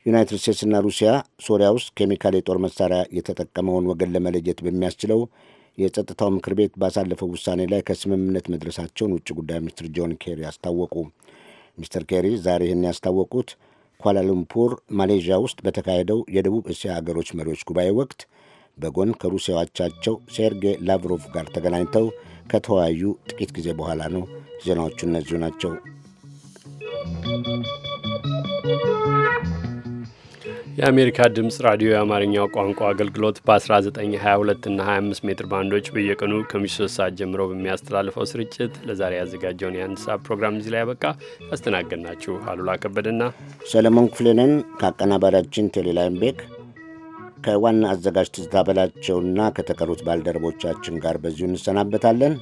ዩናይትድ ስቴትስና ሩሲያ ሶሪያ ውስጥ ኬሚካል የጦር መሳሪያ የተጠቀመውን ወገን ለመለየት በሚያስችለው የጸጥታው ምክር ቤት ባሳለፈው ውሳኔ ላይ ከስምምነት መድረሳቸውን ውጭ ጉዳይ ሚኒስትር ጆን ኬሪ አስታወቁ። ሚስተር ኬሪ ዛሬ ይህን ያስታወቁት ኳላሉምፑር ማሌዥያ ውስጥ በተካሄደው የደቡብ እስያ ሀገሮች መሪዎች ጉባኤ ወቅት በጎን ከሩሲያው አቻቸው ሴርጌ ላቭሮቭ ጋር ተገናኝተው ከተወያዩ ጥቂት ጊዜ በኋላ ነው። ዜናዎቹ እነዚሁ ናቸው። የአሜሪካ ድምፅ ራዲዮ የአማርኛው ቋንቋ አገልግሎት በ1922 እና 25 ሜትር ባንዶች በየቀኑ ከምሽቱ 3 ሰዓት ጀምሮ በሚያስተላልፈው ስርጭት ለዛሬ ያዘጋጀውን የአንድ ሰዓት ፕሮግራም እዚህ ላይ ያበቃ። ያስተናገድናችሁ አሉላ ከበደና ሰለሞን ክፍሌንን ከአቀናባሪያችን ቴሌላይም ቤክ ከዋና አዘጋጅ ትዝታ በላቸውና ከተቀሩት ባልደረቦቻችን ጋር በዚሁ እንሰናበታለን።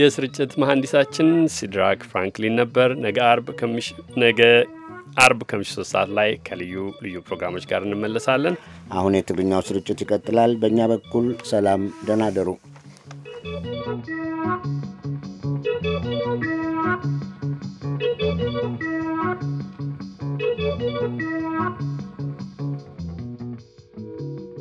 የስርጭት መሐንዲሳችን ሲድራክ ፍራንክሊን ነበር። ነገ አርብ ነገ አርብ ከምሽቱ ሶስት ሰዓት ላይ ከልዩ ልዩ ፕሮግራሞች ጋር እንመለሳለን። አሁን የትግርኛው ስርጭት ይቀጥላል። በእኛ በኩል ሰላም፣ ደህና you.